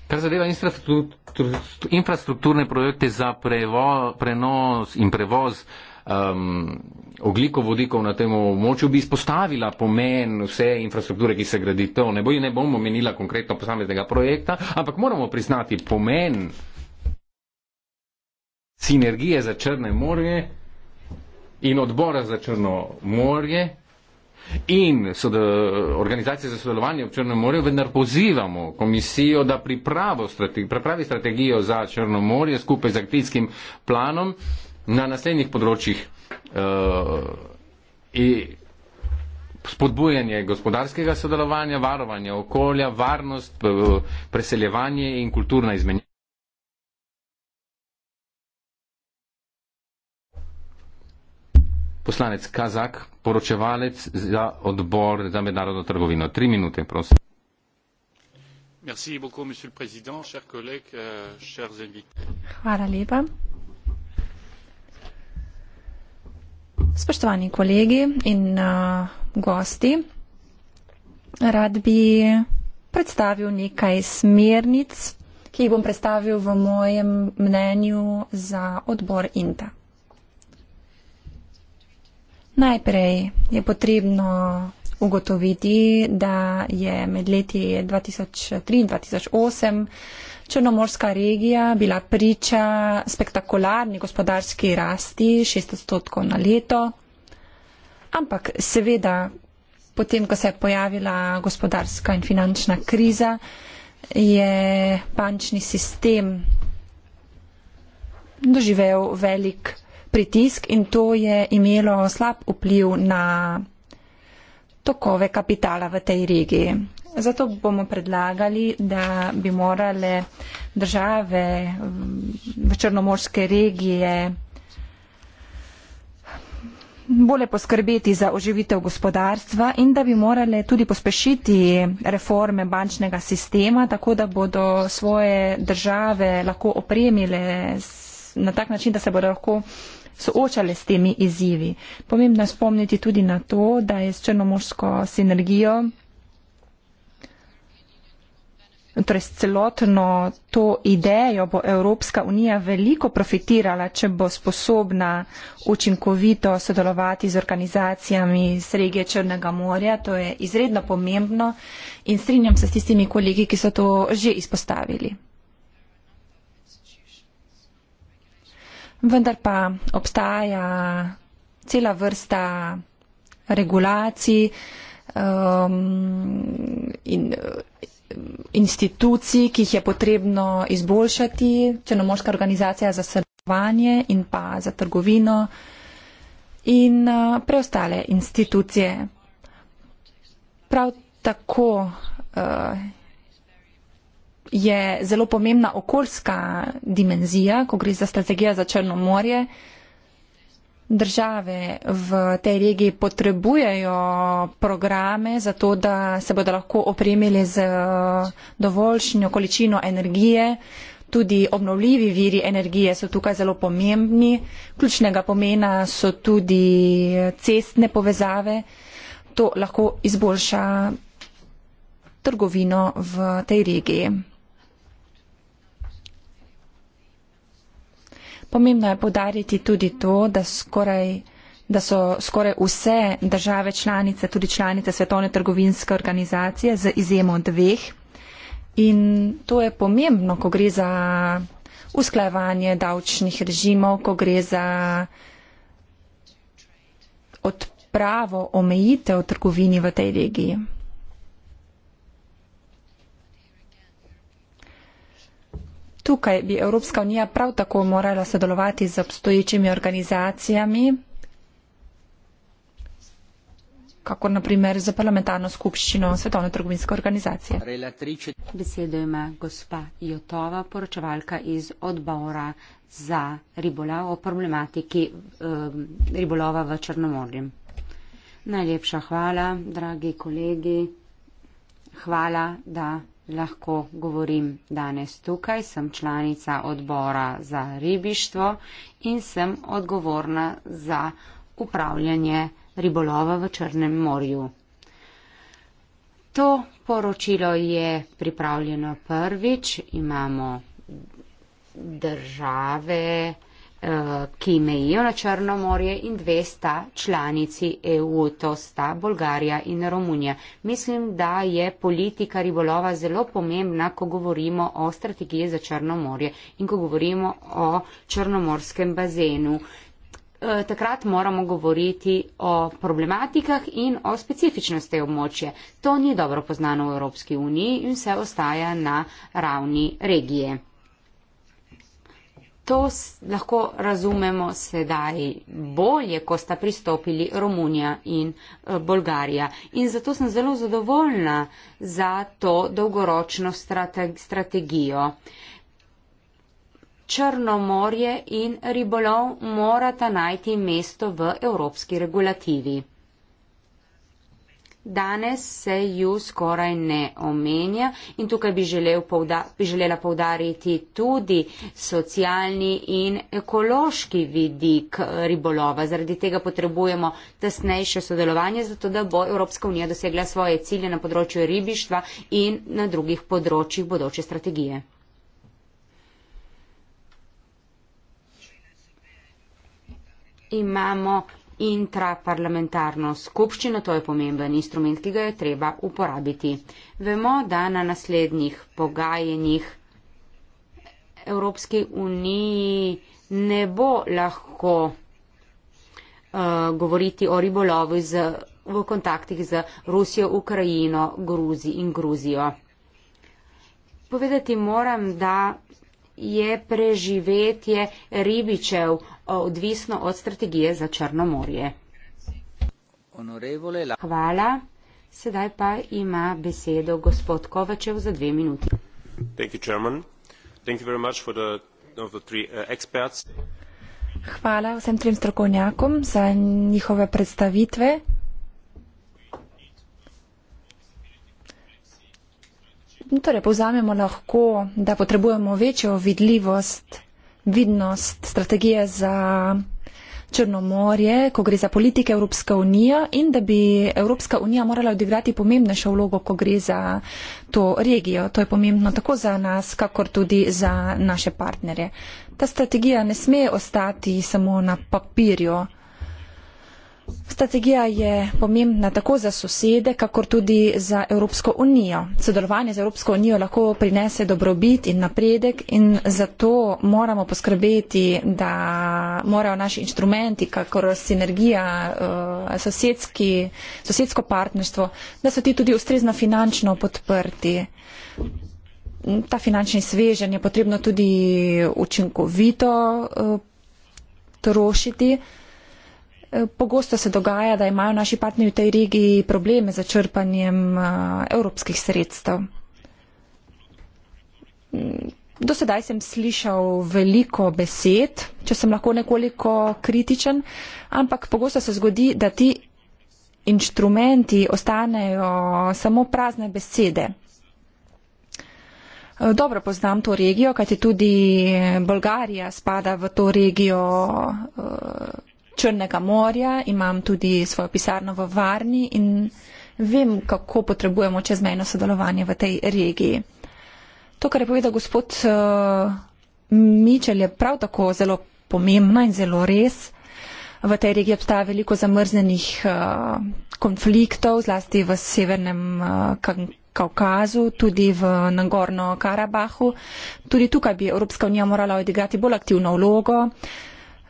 kar zadeva infrastruktur, infrastrukturne projekte za prevo, prenos in prevoz uh, um, oglikovodikov na tem območju, bi izpostavila pomen vse infrastrukture, ki se gradi. To ne, bo, ne bom omenila konkretno posameznega projekta, ampak moramo priznati pomen sinergije za Črne morje in odbora za Črno morje in organizacije za sodelovanje v Črnem morju, vendar pozivamo komisijo, da pripravi strategijo za Črno morje skupaj z akcijskim planom, na naslednjih področjih uh, eh, in e, spodbujanje gospodarskega sodelovanja, varovanje okolja, varnost, eh, preseljevanje in kulturna izmenjava. Poslanec Kazak, poročevalec za odbor za mednarodno trgovino. Tri minute, prosim. Merci beaucoup, monsieur le président, chers collègues, euh, chers invités. Hvala lepa, Spoštovani kolegi in uh, gosti, rad bi predstavil nekaj smernic, ki jih bom predstavil v mojem mnenju za odbor INTA. Najprej je potrebno ugotoviti, da je med leti 2003 in 2008 Črnomorska regija bila priča spektakularni gospodarski rasti 6 odstotkov na leto, ampak seveda potem, ko se je pojavila gospodarska in finančna kriza, je bančni sistem doživel velik pritisk in to je imelo slab vpliv na tokove kapitala v tej regiji. Zato bomo predlagali, da bi morale države mm, v Črnomorske regije bolje poskrbeti za oživitev gospodarstva in da bi morale tudi pospešiti reforme bančnega sistema, tako da bodo svoje države lahko opremile na tak način, da se bodo lahko soočale s temi izzivi. Pomembno je spomniti tudi na to, da je s črnomorsko sinergijo torej s celotno to idejo bo Evropska unija veliko profitirala, če bo sposobna učinkovito sodelovati z organizacijami z regije Črnega morja. To je izredno pomembno in strinjam se s tistimi kolegi, ki so to že izpostavili. Vendar pa obstaja cela vrsta regulacij um, in institucij, ki jih je potrebno izboljšati, črnomorska organizacija za sodelovanje in pa za trgovino in preostale institucije. Prav tako uh, je zelo pomembna okoljska dimenzija, ko gre za strategijo za Črno morje. Uh, države v tej regiji potrebujejo programe za to, da se bodo lahko opremili z eh, dovoljšnjo količino energije. Tudi obnovljivi viri energije so tukaj zelo pomembni. Ključnega pomena so tudi cestne povezave. To lahko izboljša trgovino v tej regiji. Pomembno je podariti tudi to, da, skoraj, da so skoraj vse države članice, tudi članice Svetovne trgovinske organizacije, z izjemo dveh. In to je pomembno, ko gre za usklajevanje davčnih režimov, ko gre za odpravo omejitev trgovini v tej regiji. Tukaj bi Evropska unija prav tako morala sodelovati z obstoječimi organizacijami, kako naprimer za parlamentarno skupščino Svetovne trgovinske organizacije. Besedo ima gospa Jotova, poročevalka iz odbora za ribolov o problematiki ehm, ribolova v Črnomorju. Najlepša hvala, dragi kolegi. Hvala, da lahko govorim danes tukaj. Sem članica odbora za ribištvo in sem odgovorna za upravljanje ribolova v Črnem morju. To poročilo je pripravljeno prvič. Imamo države, Eh, ki mejijo na Črno morje in dve sta članici EU, to sta Bolgarija in Romunija. Mislim, da je politika ribolova zelo pomembna, ko govorimo o strategiji za Črno morje in ko govorimo o Črnomorskem bazenu. Eh, takrat moramo govoriti o problematikah in o specifičnosti območja. To ni dobro poznano v Evropski uniji in vse ostaja na ravni regije. To lahko razumemo sedaj bolje, ko sta pristopili Romunija in eh, Bolgarija. In zato sem zelo zadovoljna za to dolgoročno strate strategijo. Črno morje in ribolov morata najti mesto v evropski regulativi danes se ju skoraj ne omenja in tukaj bi želel povda, želela povdariti tudi socialni in ekološki vidik ribolova. Zaradi tega potrebujemo tesnejše sodelovanje, zato da bo Evropska unija dosegla svoje cilje na področju ribištva in na drugih področjih bodoče strategije. Imamo intraparlamentarno skupščino, to je pomemben instrument, ki ga je treba uporabiti. Vemo, da na naslednjih pogajenjih Evropske unije ne bo lahko uh, govoriti o ribolovu z, v kontaktih z Rusijo, Ukrajino, Gruzijo in Gruzijo. Povedati moram, da je preživetje ribičev odvisno od strategije za Črno morje. Hvala. Sedaj pa ima besedo gospod Kovačev za dve minuti. Uh, Hvala vsem trim strokovnjakom za njihove predstavitve. Torej, povzamemo lahko, da potrebujemo večjo vidljivost vidnost strategije za Črnomorje, ko gre za politike Evropske unije in da bi Evropska unija morala odigrati pomembnejšo vlogo, ko gre za to regijo. To je pomembno tako za nas, kakor tudi za naše partnerje. Ta strategija ne sme ostati samo na papirju. Strategija je pomembna tako za sosede, kakor tudi za Evropsko unijo. Sodelovanje z Evropsko unijo lahko prinese dobrobit in napredek in zato moramo poskrbeti, da morajo naši inštrumenti, kakor sinergija, eh, sosedski, sosedsko partnerstvo, da so ti tudi ustrezno finančno podprti. Ta finančni svežen je potrebno tudi učinkovito eh, trošiti. Uh, Eh, pogosto se dogaja, da imajo naši partnerji v tej regiji probleme za črpanjem eh, evropskih sredstev. Mm, do sedaj sem slišal veliko besed, če sem lahko nekoliko kritičen, ampak pogosto se zgodi, da ti inštrumenti ostanejo samo prazne besede. Eh, dobro poznam to regijo, kajti tudi Bolgarija spada v to regijo Črnega morja, imam tudi svojo pisarno v Varni in vem, kako potrebujemo čezmejno sodelovanje v tej regiji. To, kar je povedal gospod uh, Mičel, je prav tako zelo pomembno in zelo res. V tej regiji obstaja veliko zamrznenih uh, eh, konfliktov, zlasti v Severnem uh, Kaukazu, tudi v Nagorno Karabahu. Tudi tukaj bi Evropska unija morala odigrati bolj aktivno vlogo. Uh,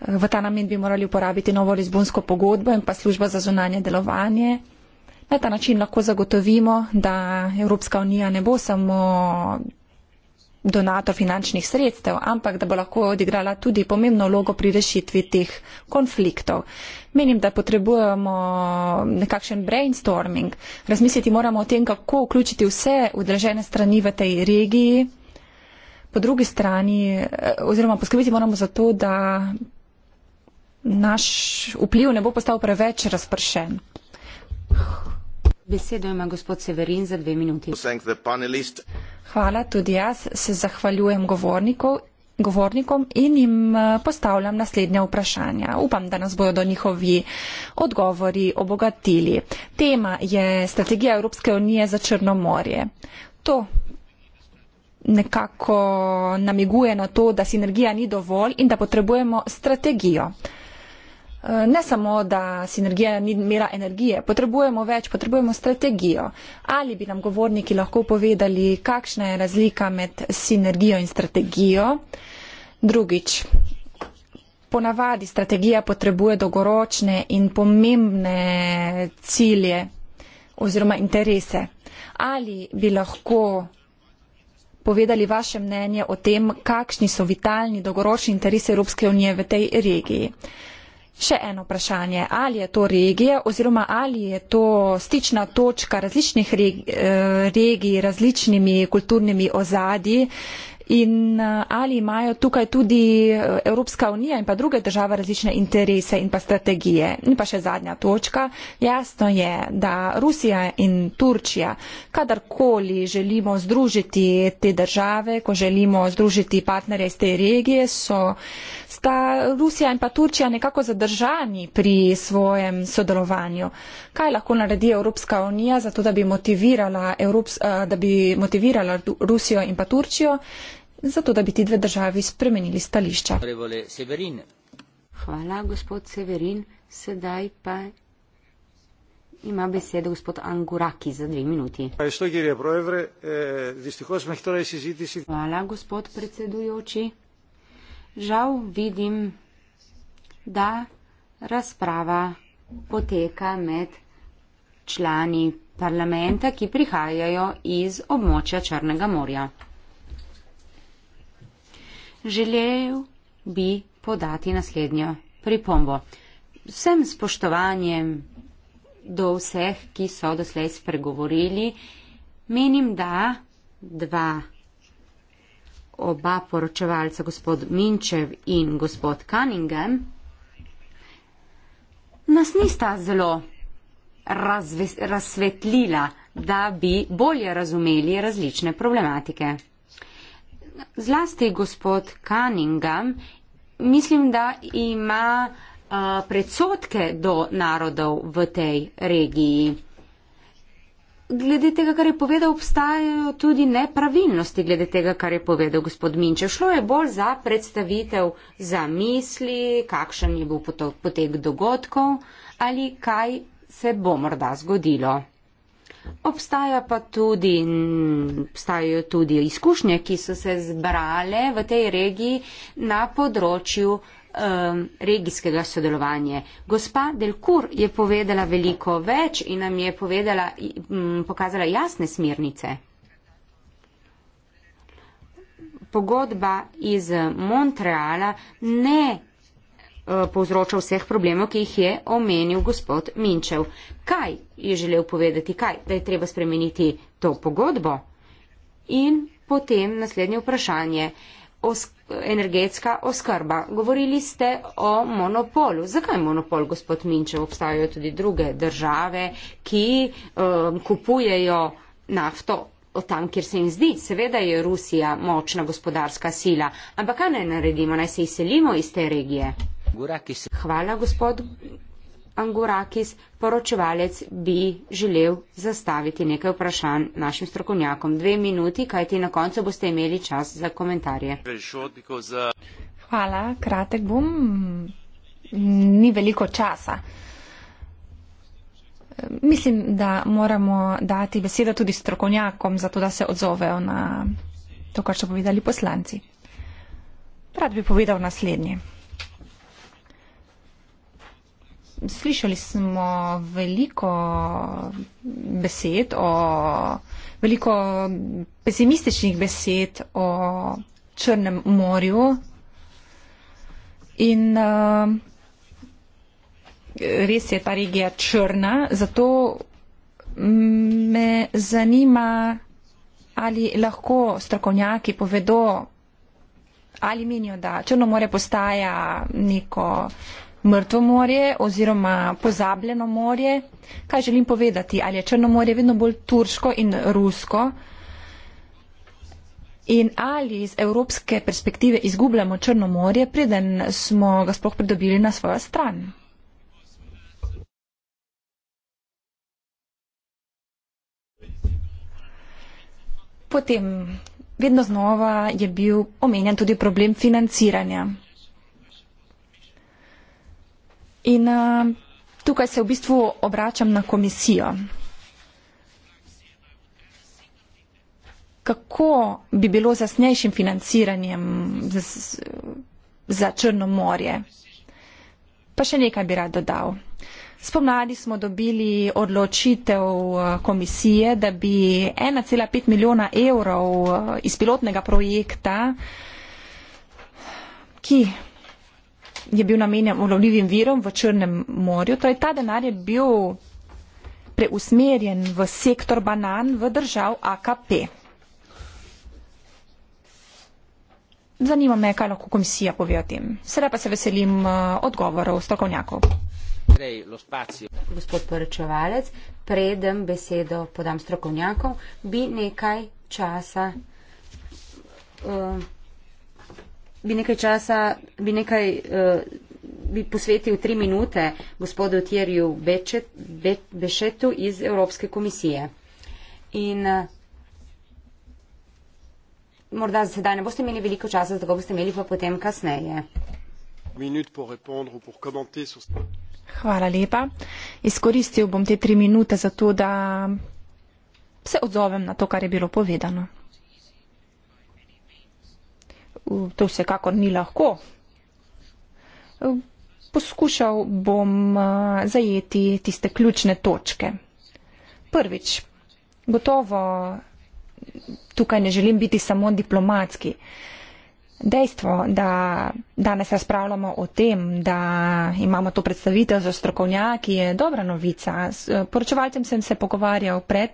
V ta namen bi morali uporabiti novo lizbonsko pogodbo in pa službo za zunanje delovanje. Na ta način lahko zagotovimo, da Evropska unija ne bo samo donato finančnih sredstev, ampak da bo lahko odigrala tudi pomembno vlogo pri rešitvi teh konfliktov. Menim, da potrebujemo nekakšen brainstorming. Razmisliti moramo o tem, kako vključiti vse udržene strani v tej regiji. Po drugi strani, eh, oziroma poskrbiti moramo za to, da naš vpliv ne bo postal preveč razpršen. Besedo ima gospod Severin za dve minuti. Hvala, tudi jaz se zahvaljujem govornikov, govornikom in jim eh, postavljam naslednja vprašanja. Upam, da nas bodo njihovi odgovori obogatili. Tema je strategija Evropske unije za Črnomorje. To nekako namiguje na to, da sinergija ni dovolj in da potrebujemo strategijo. Eh, ne samo, da sinergija ni mera energije, potrebujemo več, potrebujemo strategijo. Ali bi nam govorniki lahko povedali, kakšna je razlika med sinergijo in strategijo? Drugič, ponavadi strategija potrebuje dolgoročne in pomembne cilje oziroma interese. Ali bi lahko povedali vaše mnenje o tem, kakšni so vitalni dolgoročni interesi Evropske unije v tej regiji? Še eno vprašanje, ali je to regija oziroma ali je to stična točka različnih eh, regij, različnimi kulturnimi ozadji in eh, ali imajo tukaj tudi eh, Evropska unija in pa druge države različne interese in pa strategije. In pa še zadnja točka, jasno je, da Rusija in Turčija, kadarkoli želimo združiti te države, ko želimo združiti partnerje iz te regije, so sta Rusija in pa Turčija nekako zadržani pri svojem sodelovanju. Kaj lahko naredi Evropska unija za to, da bi motivirala, Evrops, eh, da bi motivirala Rusijo in pa Turčijo, zato da bi ti dve državi spremenili stališča? Hvala, gospod Severin. Sedaj pa. Ima besedo gospod Anguraki za dve minuti. Hvala, gospod predsedujoči žal vidim, da razprava poteka med člani parlamenta, ki prihajajo iz območja Črnega morja. Želel bi podati naslednjo pripombo. Vsem spoštovanjem do vseh, ki so doslej spregovorili, menim, da dva oba poročevalca, gospod Minčev in gospod Cunningham, nas nista zelo razsvetlila, da bi bolje razumeli različne problematike. Zlasti gospod Cunningham, mislim, da ima uh, predsotke do narodov v tej regiji glede tega, kar je povedal, obstajajo tudi nepravilnosti glede tega, kar je povedal gospod Minče. Šlo je bolj za predstavitev za misli, kakšen je bil potek dogodkov ali kaj se bo morda zgodilo. Obstaja pa tudi, obstajajo tudi izkušnje, ki so se zbrale v tej regiji na področju um, regijskega sodelovanja. Gospa Delkur je povedala veliko več in nam je povedala, m, pokazala jasne smernice. Pogodba iz Montreala ne uh, povzroča vseh problemov, ki jih je omenil gospod Minčev. Kaj je želel povedati? Kaj? Da je treba spremeniti to pogodbo? In potem naslednje vprašanje. Uh, osk energetska oskrba. Govorili ste o monopolu. Zakaj monopol, gospod Minčev, obstajajo tudi druge države, ki um, kupujejo nafto od tam, kjer se jim zdi? Seveda je Rusija močna gospodarska sila, ampak kaj naj naredimo, naj se izselimo iz te regije? Hvala, gospod Angurakis, poročevalec, bi želel zastaviti nekaj vprašanj našim strokovnjakom. Dve minuti, kajti na koncu boste imeli čas za komentarje. Hvala, kratek bom. Ni veliko časa. Mislim, da moramo dati besedo tudi strokovnjakom, zato da se odzovejo na to, kar so povedali poslanci. Rad bi povedal naslednje slišali smo veliko besed, o, veliko pesimističnih besed o Črnem morju. In uh, res je ta regija črna, zato me zanima, ali lahko strokovnjaki povedo, ali menijo, da Črno more postaja neko mrtvo morje oziroma pozabljeno morje. Kaj želim povedati? Ali je Črno morje vedno bolj turško in rusko? In ali iz evropske perspektive izgubljamo Črno morje, preden smo ga sploh pridobili na svojo stran? Potem, vedno znova je bil omenjen tudi problem financiranja. In uh, tukaj se v bistvu obračam na komisijo. Kako bi bilo z jasnejšim financiranjem za, za Črno morje? Pa še nekaj bi rad dodal. Spomladi smo dobili odločitev eh, komisije, da bi 1,5 milijona evrov eh, iz pilotnega projekta, ki je bil namenjen obnovljivim virom v Črnem morju, torej ta denar je bil preusmerjen v sektor banan v držav AKP. Zanima me, kaj lahko komisija pove o tem. Sedaj pa se veselim uh, odgovorov strokovnjakov. Gospod poročevalec, predem besedo podam strokovnjakom, bi nekaj časa. Uh, bi nekaj časa, bi nekaj, uh, bi posvetil tri minute gospodu Tjerju Bečet, Be, Bešetu iz Evropske komisije. In uh, morda sedaj ne boste imeli veliko časa, zato boste imeli pa potem kasneje. Hvala lepa. Izkoristil bom te tri minute za to, da se odzovem na to, kar je bilo povedano to vsekakor ni lahko. Poskušal bom eh, zajeti tiste ključne točke. Prvič, gotovo tukaj ne želim biti samo diplomatski. Dejstvo, da danes razpravljamo o tem, da imamo to predstavitev za strokovnjaki, je dobra novica. S eh, poročevalcem sem se pogovarjal pred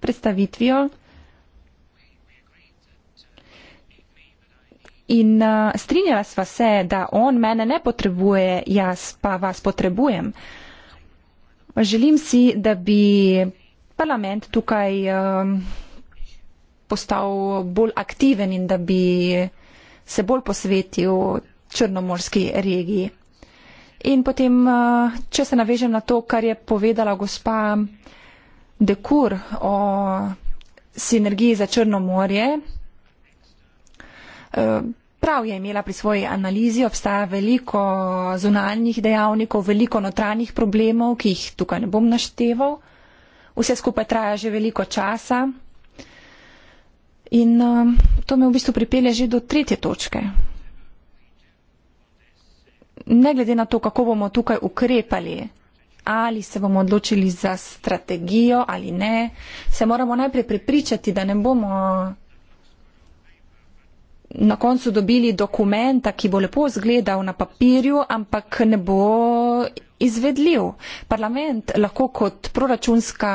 predstavitvijo. In uh, strinjala sva se, da on mene ne potrebuje, jaz pa vas potrebujem. Želim si, da bi parlament tukaj uh, postal bolj aktiven in da bi se bolj posvetil črnomorski regiji. In potem, uh, če se navežem na to, kar je povedala gospa Dekur o sinergiji za Črno morje, Eh, prav je imela pri svoji analizi, obstaja veliko zunanjih dejavnikov, veliko notranjih problemov, ki jih tukaj ne bom našteval. Vse skupaj traja že veliko časa. In eh, to me v bistvu pripelje že do tretje točke. Ne glede na to, kako bomo tukaj ukrepali, ali se bomo odločili za strategijo ali ne, se moramo najprej prepričati, da ne bomo na koncu dobili dokumenta, ki bo lepo izgledal na papirju, ampak ne bo izvedljiv. Parlament lahko kot proračunska.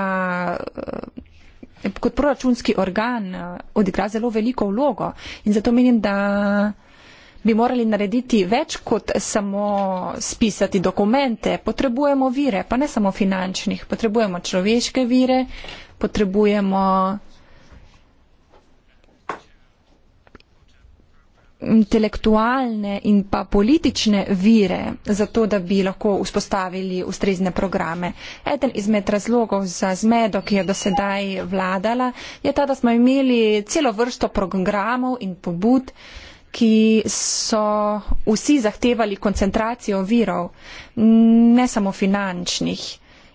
Eh, kot proračunski organ eh, odigra zelo veliko vlogo in zato menim, da bi morali narediti več kot samo spisati dokumente. Potrebujemo vire, pa ne samo finančnih, potrebujemo človeške vire, potrebujemo intelektualne in pa politične vire za to, da bi lahko vzpostavili ustrezne programe. Eden izmed razlogov za zmedo, ki je dosedaj vladala, je ta, da smo imeli celo vrsto programov in pobud, ki so vsi zahtevali koncentracijo virov, ne samo finančnih.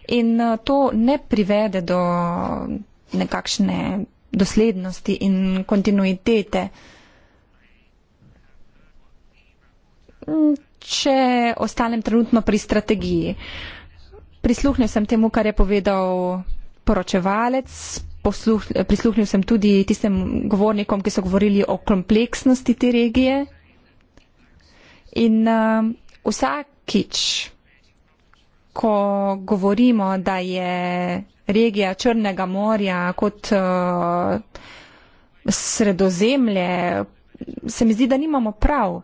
In eh, to ne privede do nekakšne doslednosti in kontinuitete. Mm, če ostanem trenutno pri strategiji. Prisluhnil sem temu, kar je povedal poročevalec, posluh, prisluhnil sem tudi tistem govornikom, ki so govorili o kompleksnosti te regije. In uh, vsakič, ko govorimo, da je regija Črnega morja kot uh, sredozemlje, se mi zdi, da nimamo prav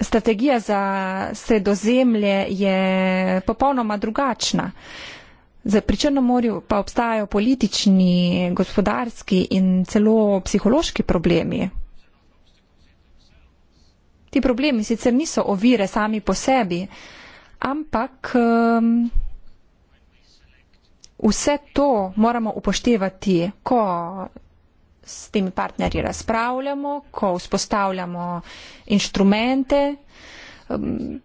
strategija za sredozemlje je popolnoma drugačna. Za pri Črnem morju pa obstajajo politični, gospodarski in celo psihološki problemi. Ti problemi sicer niso ovire sami po sebi, ampak um, vse to moramo upoštevati, ko s temi partnerji razpravljamo, ko vzpostavljamo inštrumente. Um,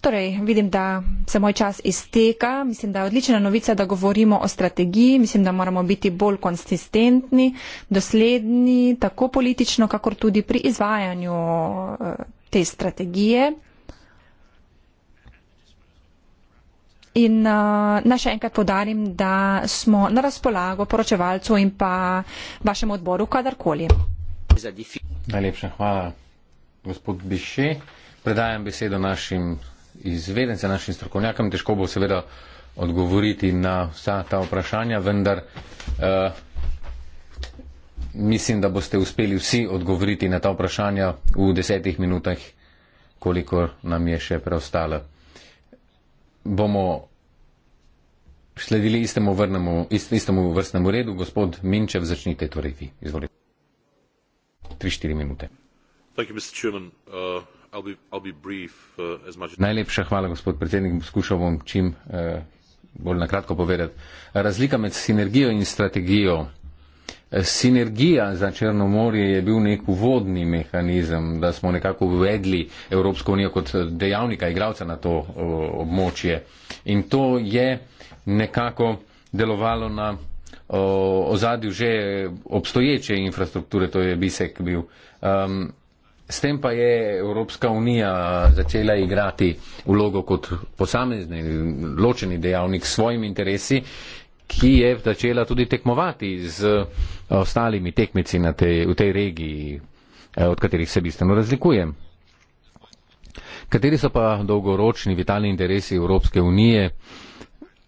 torej, vidim, da se moj čas izteka. Mislim, da je odlična novica, da govorimo o strategiji. Mislim, da moramo biti bolj konsistentni, dosledni, tako politično, kakor tudi pri izvajanju uh, te strategije. In uh, naj še enkrat podarim, da smo na razpolago poročevalcu in pa vašemu odboru kadarkoli. Najlepša hvala, gospod Biše. Predajam besedo našim izvedencem, našim strokovnjakom. Težko bo seveda odgovoriti na vsa ta vprašanja, vendar uh, mislim, da boste uspeli vsi odgovoriti na ta vprašanja v desetih minutah, kolikor nam je še preostalo bomo sledili istemu, vrnemu, ist, istemu vrstnemu redu. Gospod Minčev, začnite torej vi. Izvolite. 3-4 minute. Najlepša hvala, gospod predsednik. Skušal bom čim uh, bolj na kratko povedati. Razlika med sinergijo in strategijo Sinergija za Črno morje je bil nek vodni mehanizem, da smo nekako uvedli Evropsko unijo kot dejavnika, igralca na to območje. In to je nekako delovalo na ozadju že obstoječe infrastrukture, to je Bisek bil. Um, s tem pa je Evropska unija začela igrati vlogo kot posamezni ločeni dejavnik s svojimi interesi ki je začela tudi tekmovati z eh, ostalimi tekmici na tej, v tej regiji, eh, od katerih se bistveno razlikujem. Kateri so pa dolgoročni vitalni interesi Evropske unije,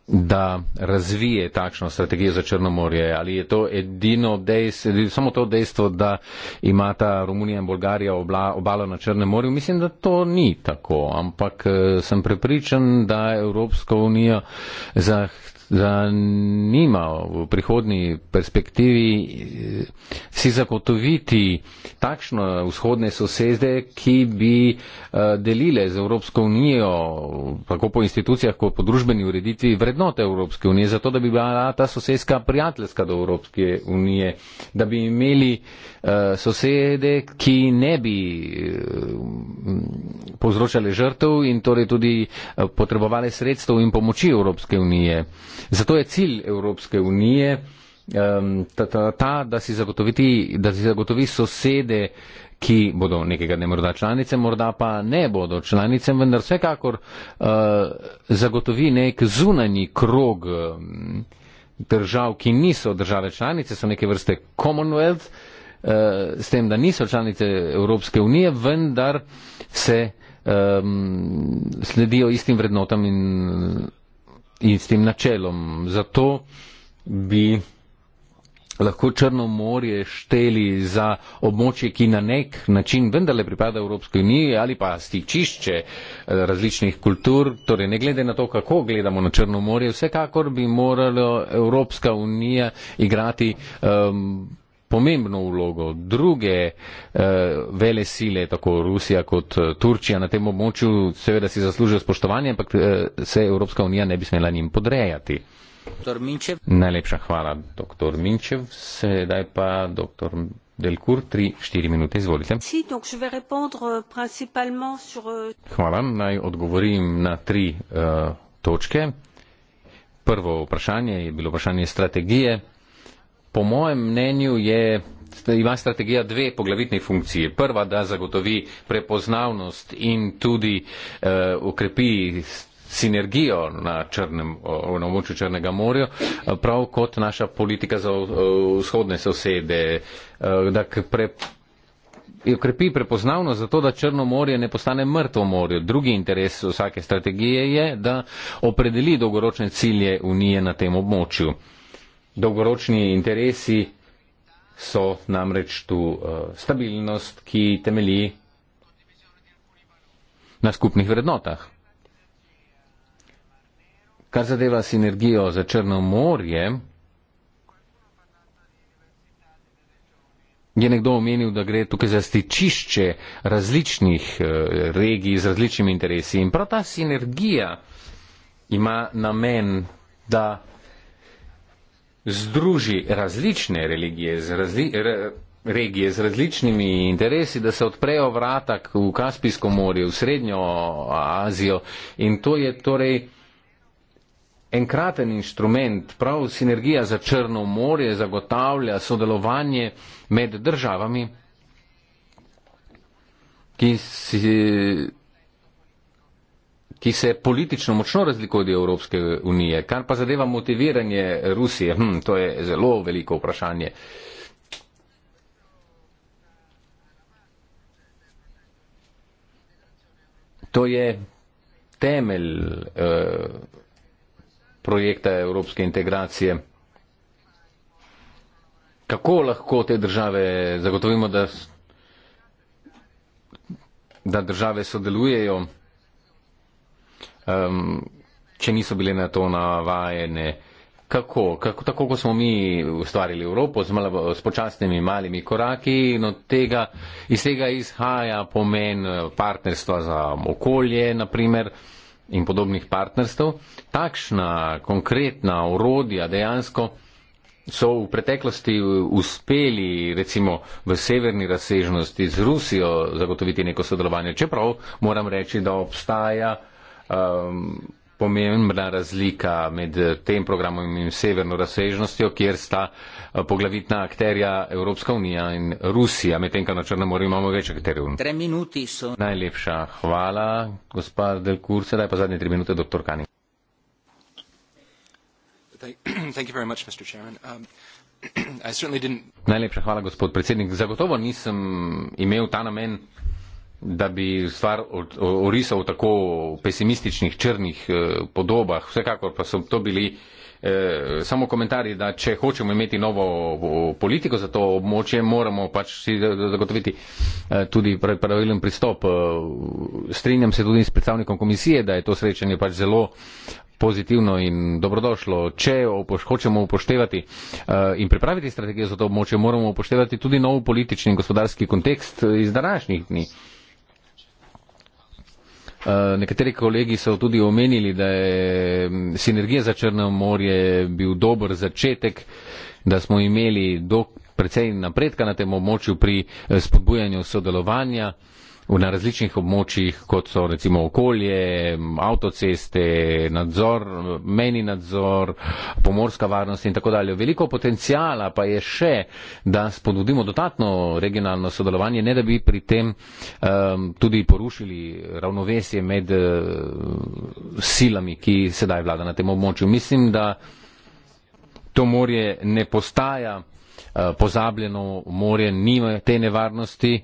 da razvije takšno strategijo za Črnomorje? Ali je to edino dejstvo, samo to dejstvo, da imata Romunija in Bolgarija obla, obalo na Črnem morju? Mislim, da to ni tako, ampak eh, sem prepričan, da Evropska unija zahteva zanima v prihodnji perspektivi eh, si zagotoviti takšno vzhodne sosede, ki bi eh, delile z Evropsko unijo, tako po institucijah, kot po družbeni ureditvi, vrednote Evropske unije, zato da bi bila ta sosedska prijateljska do Evropske unije, da bi imeli uh, Eh, sosede, ki ne bi eh, povzročale žrtev in torej tudi eh, potrebovale sredstev in pomoči Evropske unije. Zato je cilj Evropske unije ta, ta, ta da, si da si zagotovi sosede, ki bodo nekega ne morda članice, morda pa ne bodo članice, vendar vsekakor zagotovi nek zunani krog držav, ki niso države članice, so neke vrste Commonwealth, s tem, da niso članice Evropske unije, vendar se um, sledijo istim vrednotam in, in s tem načelom. Zato bi lahko Črno morje šteli za območje, ki na nek način vendarle pripada Evropske unije ali pa stičišče eh, različnih kultur. Torej, ne glede na to, kako gledamo na Črno morje, vsekakor bi morala Evropska unija igrati um, pomembno vlogo. Druge eh, vele sile, tako Rusija kot eh, Turčija na tem območju, seveda si zaslužijo spoštovanje, ampak eh, se Evropska unija ne bi smela njim podrejati. Najlepša hvala, dr. Minčev. Sedaj pa dr. Delkur, 3-4 minute, izvolite. Euh, euh, hvala, naj odgovorim na tri uh, točke. Prvo vprašanje je bilo vprašanje strategije po mojem mnenju je, ima strategija dve poglavitne funkcije. Prva, da zagotovi prepoznavnost in tudi uh, eh, ukrepi sinergijo na, črnem, na območju Črnega morja, eh, prav kot naša politika za eh, vzhodne sosede, da pre, krepi prepoznavnost za to, da Črno morje ne postane mrtvo morje. Drugi interes vsake strategije je, da opredeli dolgoročne cilje Unije na tem območju dolgoročni interesi so namreč tu eh, stabilnost, ki temelji na skupnih vrednotah. Kar zadeva sinergijo za Črno morje, je nekdo omenil, da gre tukaj za stičišče različnih eh, regij z različnimi interesi. In prav ta sinergija ima namen, da združi različne religije, z razli, re, regije z različnimi interesi, da se odprejo vrata v Kaspijsko morje, v Srednjo Azijo in to je torej enkraten inštrument, prav sinergija za Črno morje zagotavlja sodelovanje med državami, ki si ki se politično močno razlikuje od Evropske unije. Kar pa zadeva motiviranje Rusije, hm, to je zelo veliko vprašanje. To je temelj eh, projekta Evropske integracije. Kako lahko te države zagotovimo, da, da države sodelujejo? um, če niso bile na to navajene. Kako? Kako, tako kot smo mi ustvarili Evropo z, malo, z počasnimi malimi koraki, no tega, iz tega izhaja pomen eh, partnerstva za okolje naprimer, in podobnih partnerstv. Takšna konkretna urodja dejansko so v preteklosti uspeli recimo v severni razsežnosti z Rusijo zagotoviti neko sodelovanje, čeprav moram reči, da obstaja um, pomembna razlika med eh, tem programom in severno razsežnostjo, kjer sta eh, poglavitna akterja Evropska unija in Rusija, medtem ko na Črnem morju imamo več akterjev. So... Najlepša hvala, gospa Delkur, sedaj pa zadnje tri minute, dr. Kani. Much, um, Najlepša hvala, gospod predsednik. Zagotovo nisem imel ta namen da bi stvar orisal v tako pesimističnih črnih eh, podobah. Vsekakor pa so to bili eh, samo komentarji, da če hočemo imeti novo politiko za to območje, moramo pač si zagotoviti eh, tudi pravilen pristop. Strinjam se tudi s predstavnikom komisije, da je to srečanje pač zelo pozitivno in dobrodošlo. Če opoš, hočemo upoštevati uh, in pripraviti strategijo za to območje, moramo upoštevati tudi nov politični in gospodarski kontekst iz današnjih dni. Uh, Eh, nekateri kolegi so tudi omenili, da je mm, sinergija za Črno morje bil dober začetek, da smo imeli dok precej napredka na tem območju pri eh, spodbujanju sodelovanja na različnih območjih, kot so recimo okolje, avtoceste, nadzor, meni nadzor, pomorska varnost in tako dalje. Veliko potencijala pa je še, da spodbudimo dodatno regionalno sodelovanje, ne da bi pri tem um, tudi porušili ravnovesje med uh, silami, ki sedaj vlada na tem območju. Mislim, da to morje ne postaja uh, pozabljeno, morje nima te nevarnosti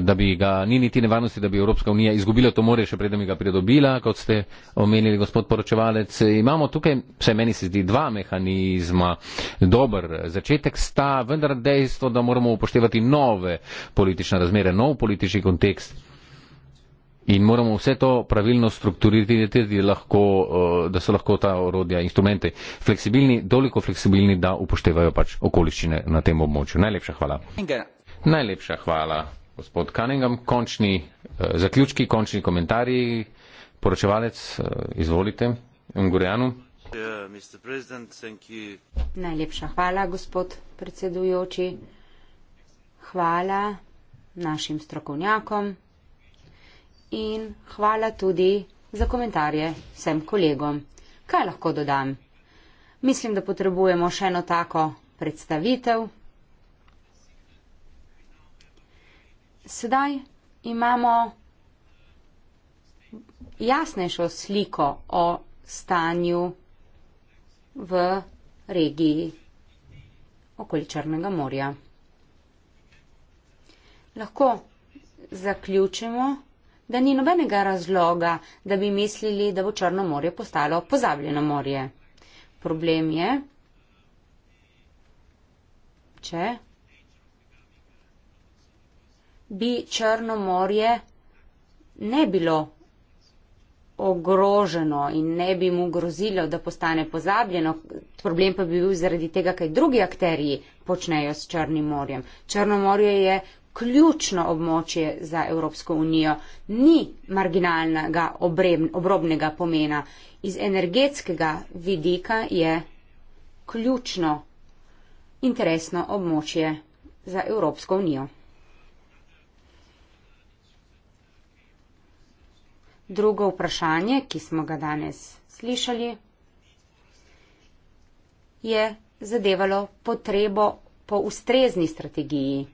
da bi ga ni niti nevarnosti, da bi Evropska unija izgubila to morje, še preden bi ga pridobila, kot ste omenili, gospod poročevalec. Imamo tukaj, vse meni se zdi, dva mehanizma. Dober začetek sta, vendar dejstvo, da moramo upoštevati nove politične razmere, nov politični kontekst. In moramo vse to pravilno strukturirati, da, tudi lahko, eh, da so lahko ta orodja, instrumente fleksibilni, toliko fleksibilni, da upoštevajo pač okoliščine na tem območju. Najlepša hvala. Najlepša hvala. Gospod Cunningham, končni eh, zaključki, končni komentarji, poročevalec, eh, izvolite, Ungurjanu. Najlepša hvala, gospod predsedujoči. Hvala našim strokovnjakom in hvala tudi za komentarje vsem kolegom. Kaj lahko dodam? Mislim, da potrebujemo še eno tako predstavitev, sedaj imamo jasnejšo sliko o stanju v regiji okoli Črnega morja. Lahko zaključimo, da ni nobenega razloga, da bi mislili, da bo Črno morje postalo pozabljeno morje. Problem je, če bi Črno morje ne bilo ogroženo in ne bi mu grozilo, da postane pozabljeno. Problem pa bi bil zaradi tega, kaj drugi akteriji počnejo s Črnim morjem. Črno morje je ključno območje za Evropsko unijo, ni marginalnega obrobnega pomena. Iz energetskega vidika je ključno interesno območje za Evropsko unijo. Drugo vprašanje, ki smo ga danes slišali, je zadevalo potrebo po ustrezni strategiji.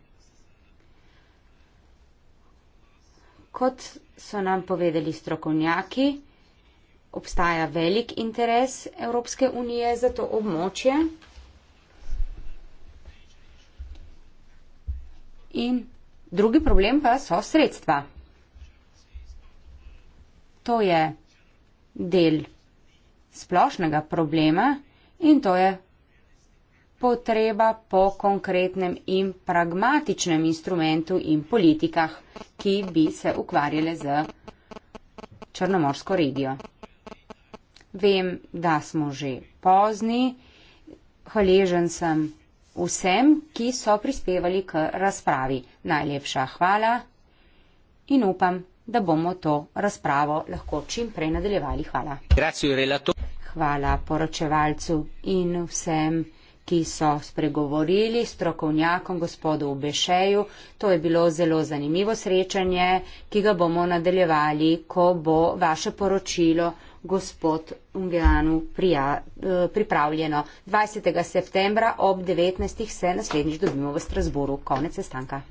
Kot so nam povedali strokovnjaki, obstaja velik interes Evropske unije za to območje in drugi problem pa so sredstva to je del splošnega problema in to je potreba po konkretnem in pragmatičnem instrumentu in politikah, ki bi se ukvarjale z Črnomorsko regijo. Vem, da smo že pozni, hvaležen sem vsem, ki so prispevali k razpravi. Najlepša hvala in upam, da bomo to razpravo lahko čim prej nadaljevali. Hvala. Hvala poročevalcu in vsem, ki so spregovorili strokovnjakom gospodu Ubešeju. To je bilo zelo zanimivo srečanje, ki ga bomo nadaljevali, ko bo vaše poročilo gospod Ungeanu prija, eh, pripravljeno. 20. septembra ob 19. se naslednjič dobimo v Strasburu. Konec sestanka.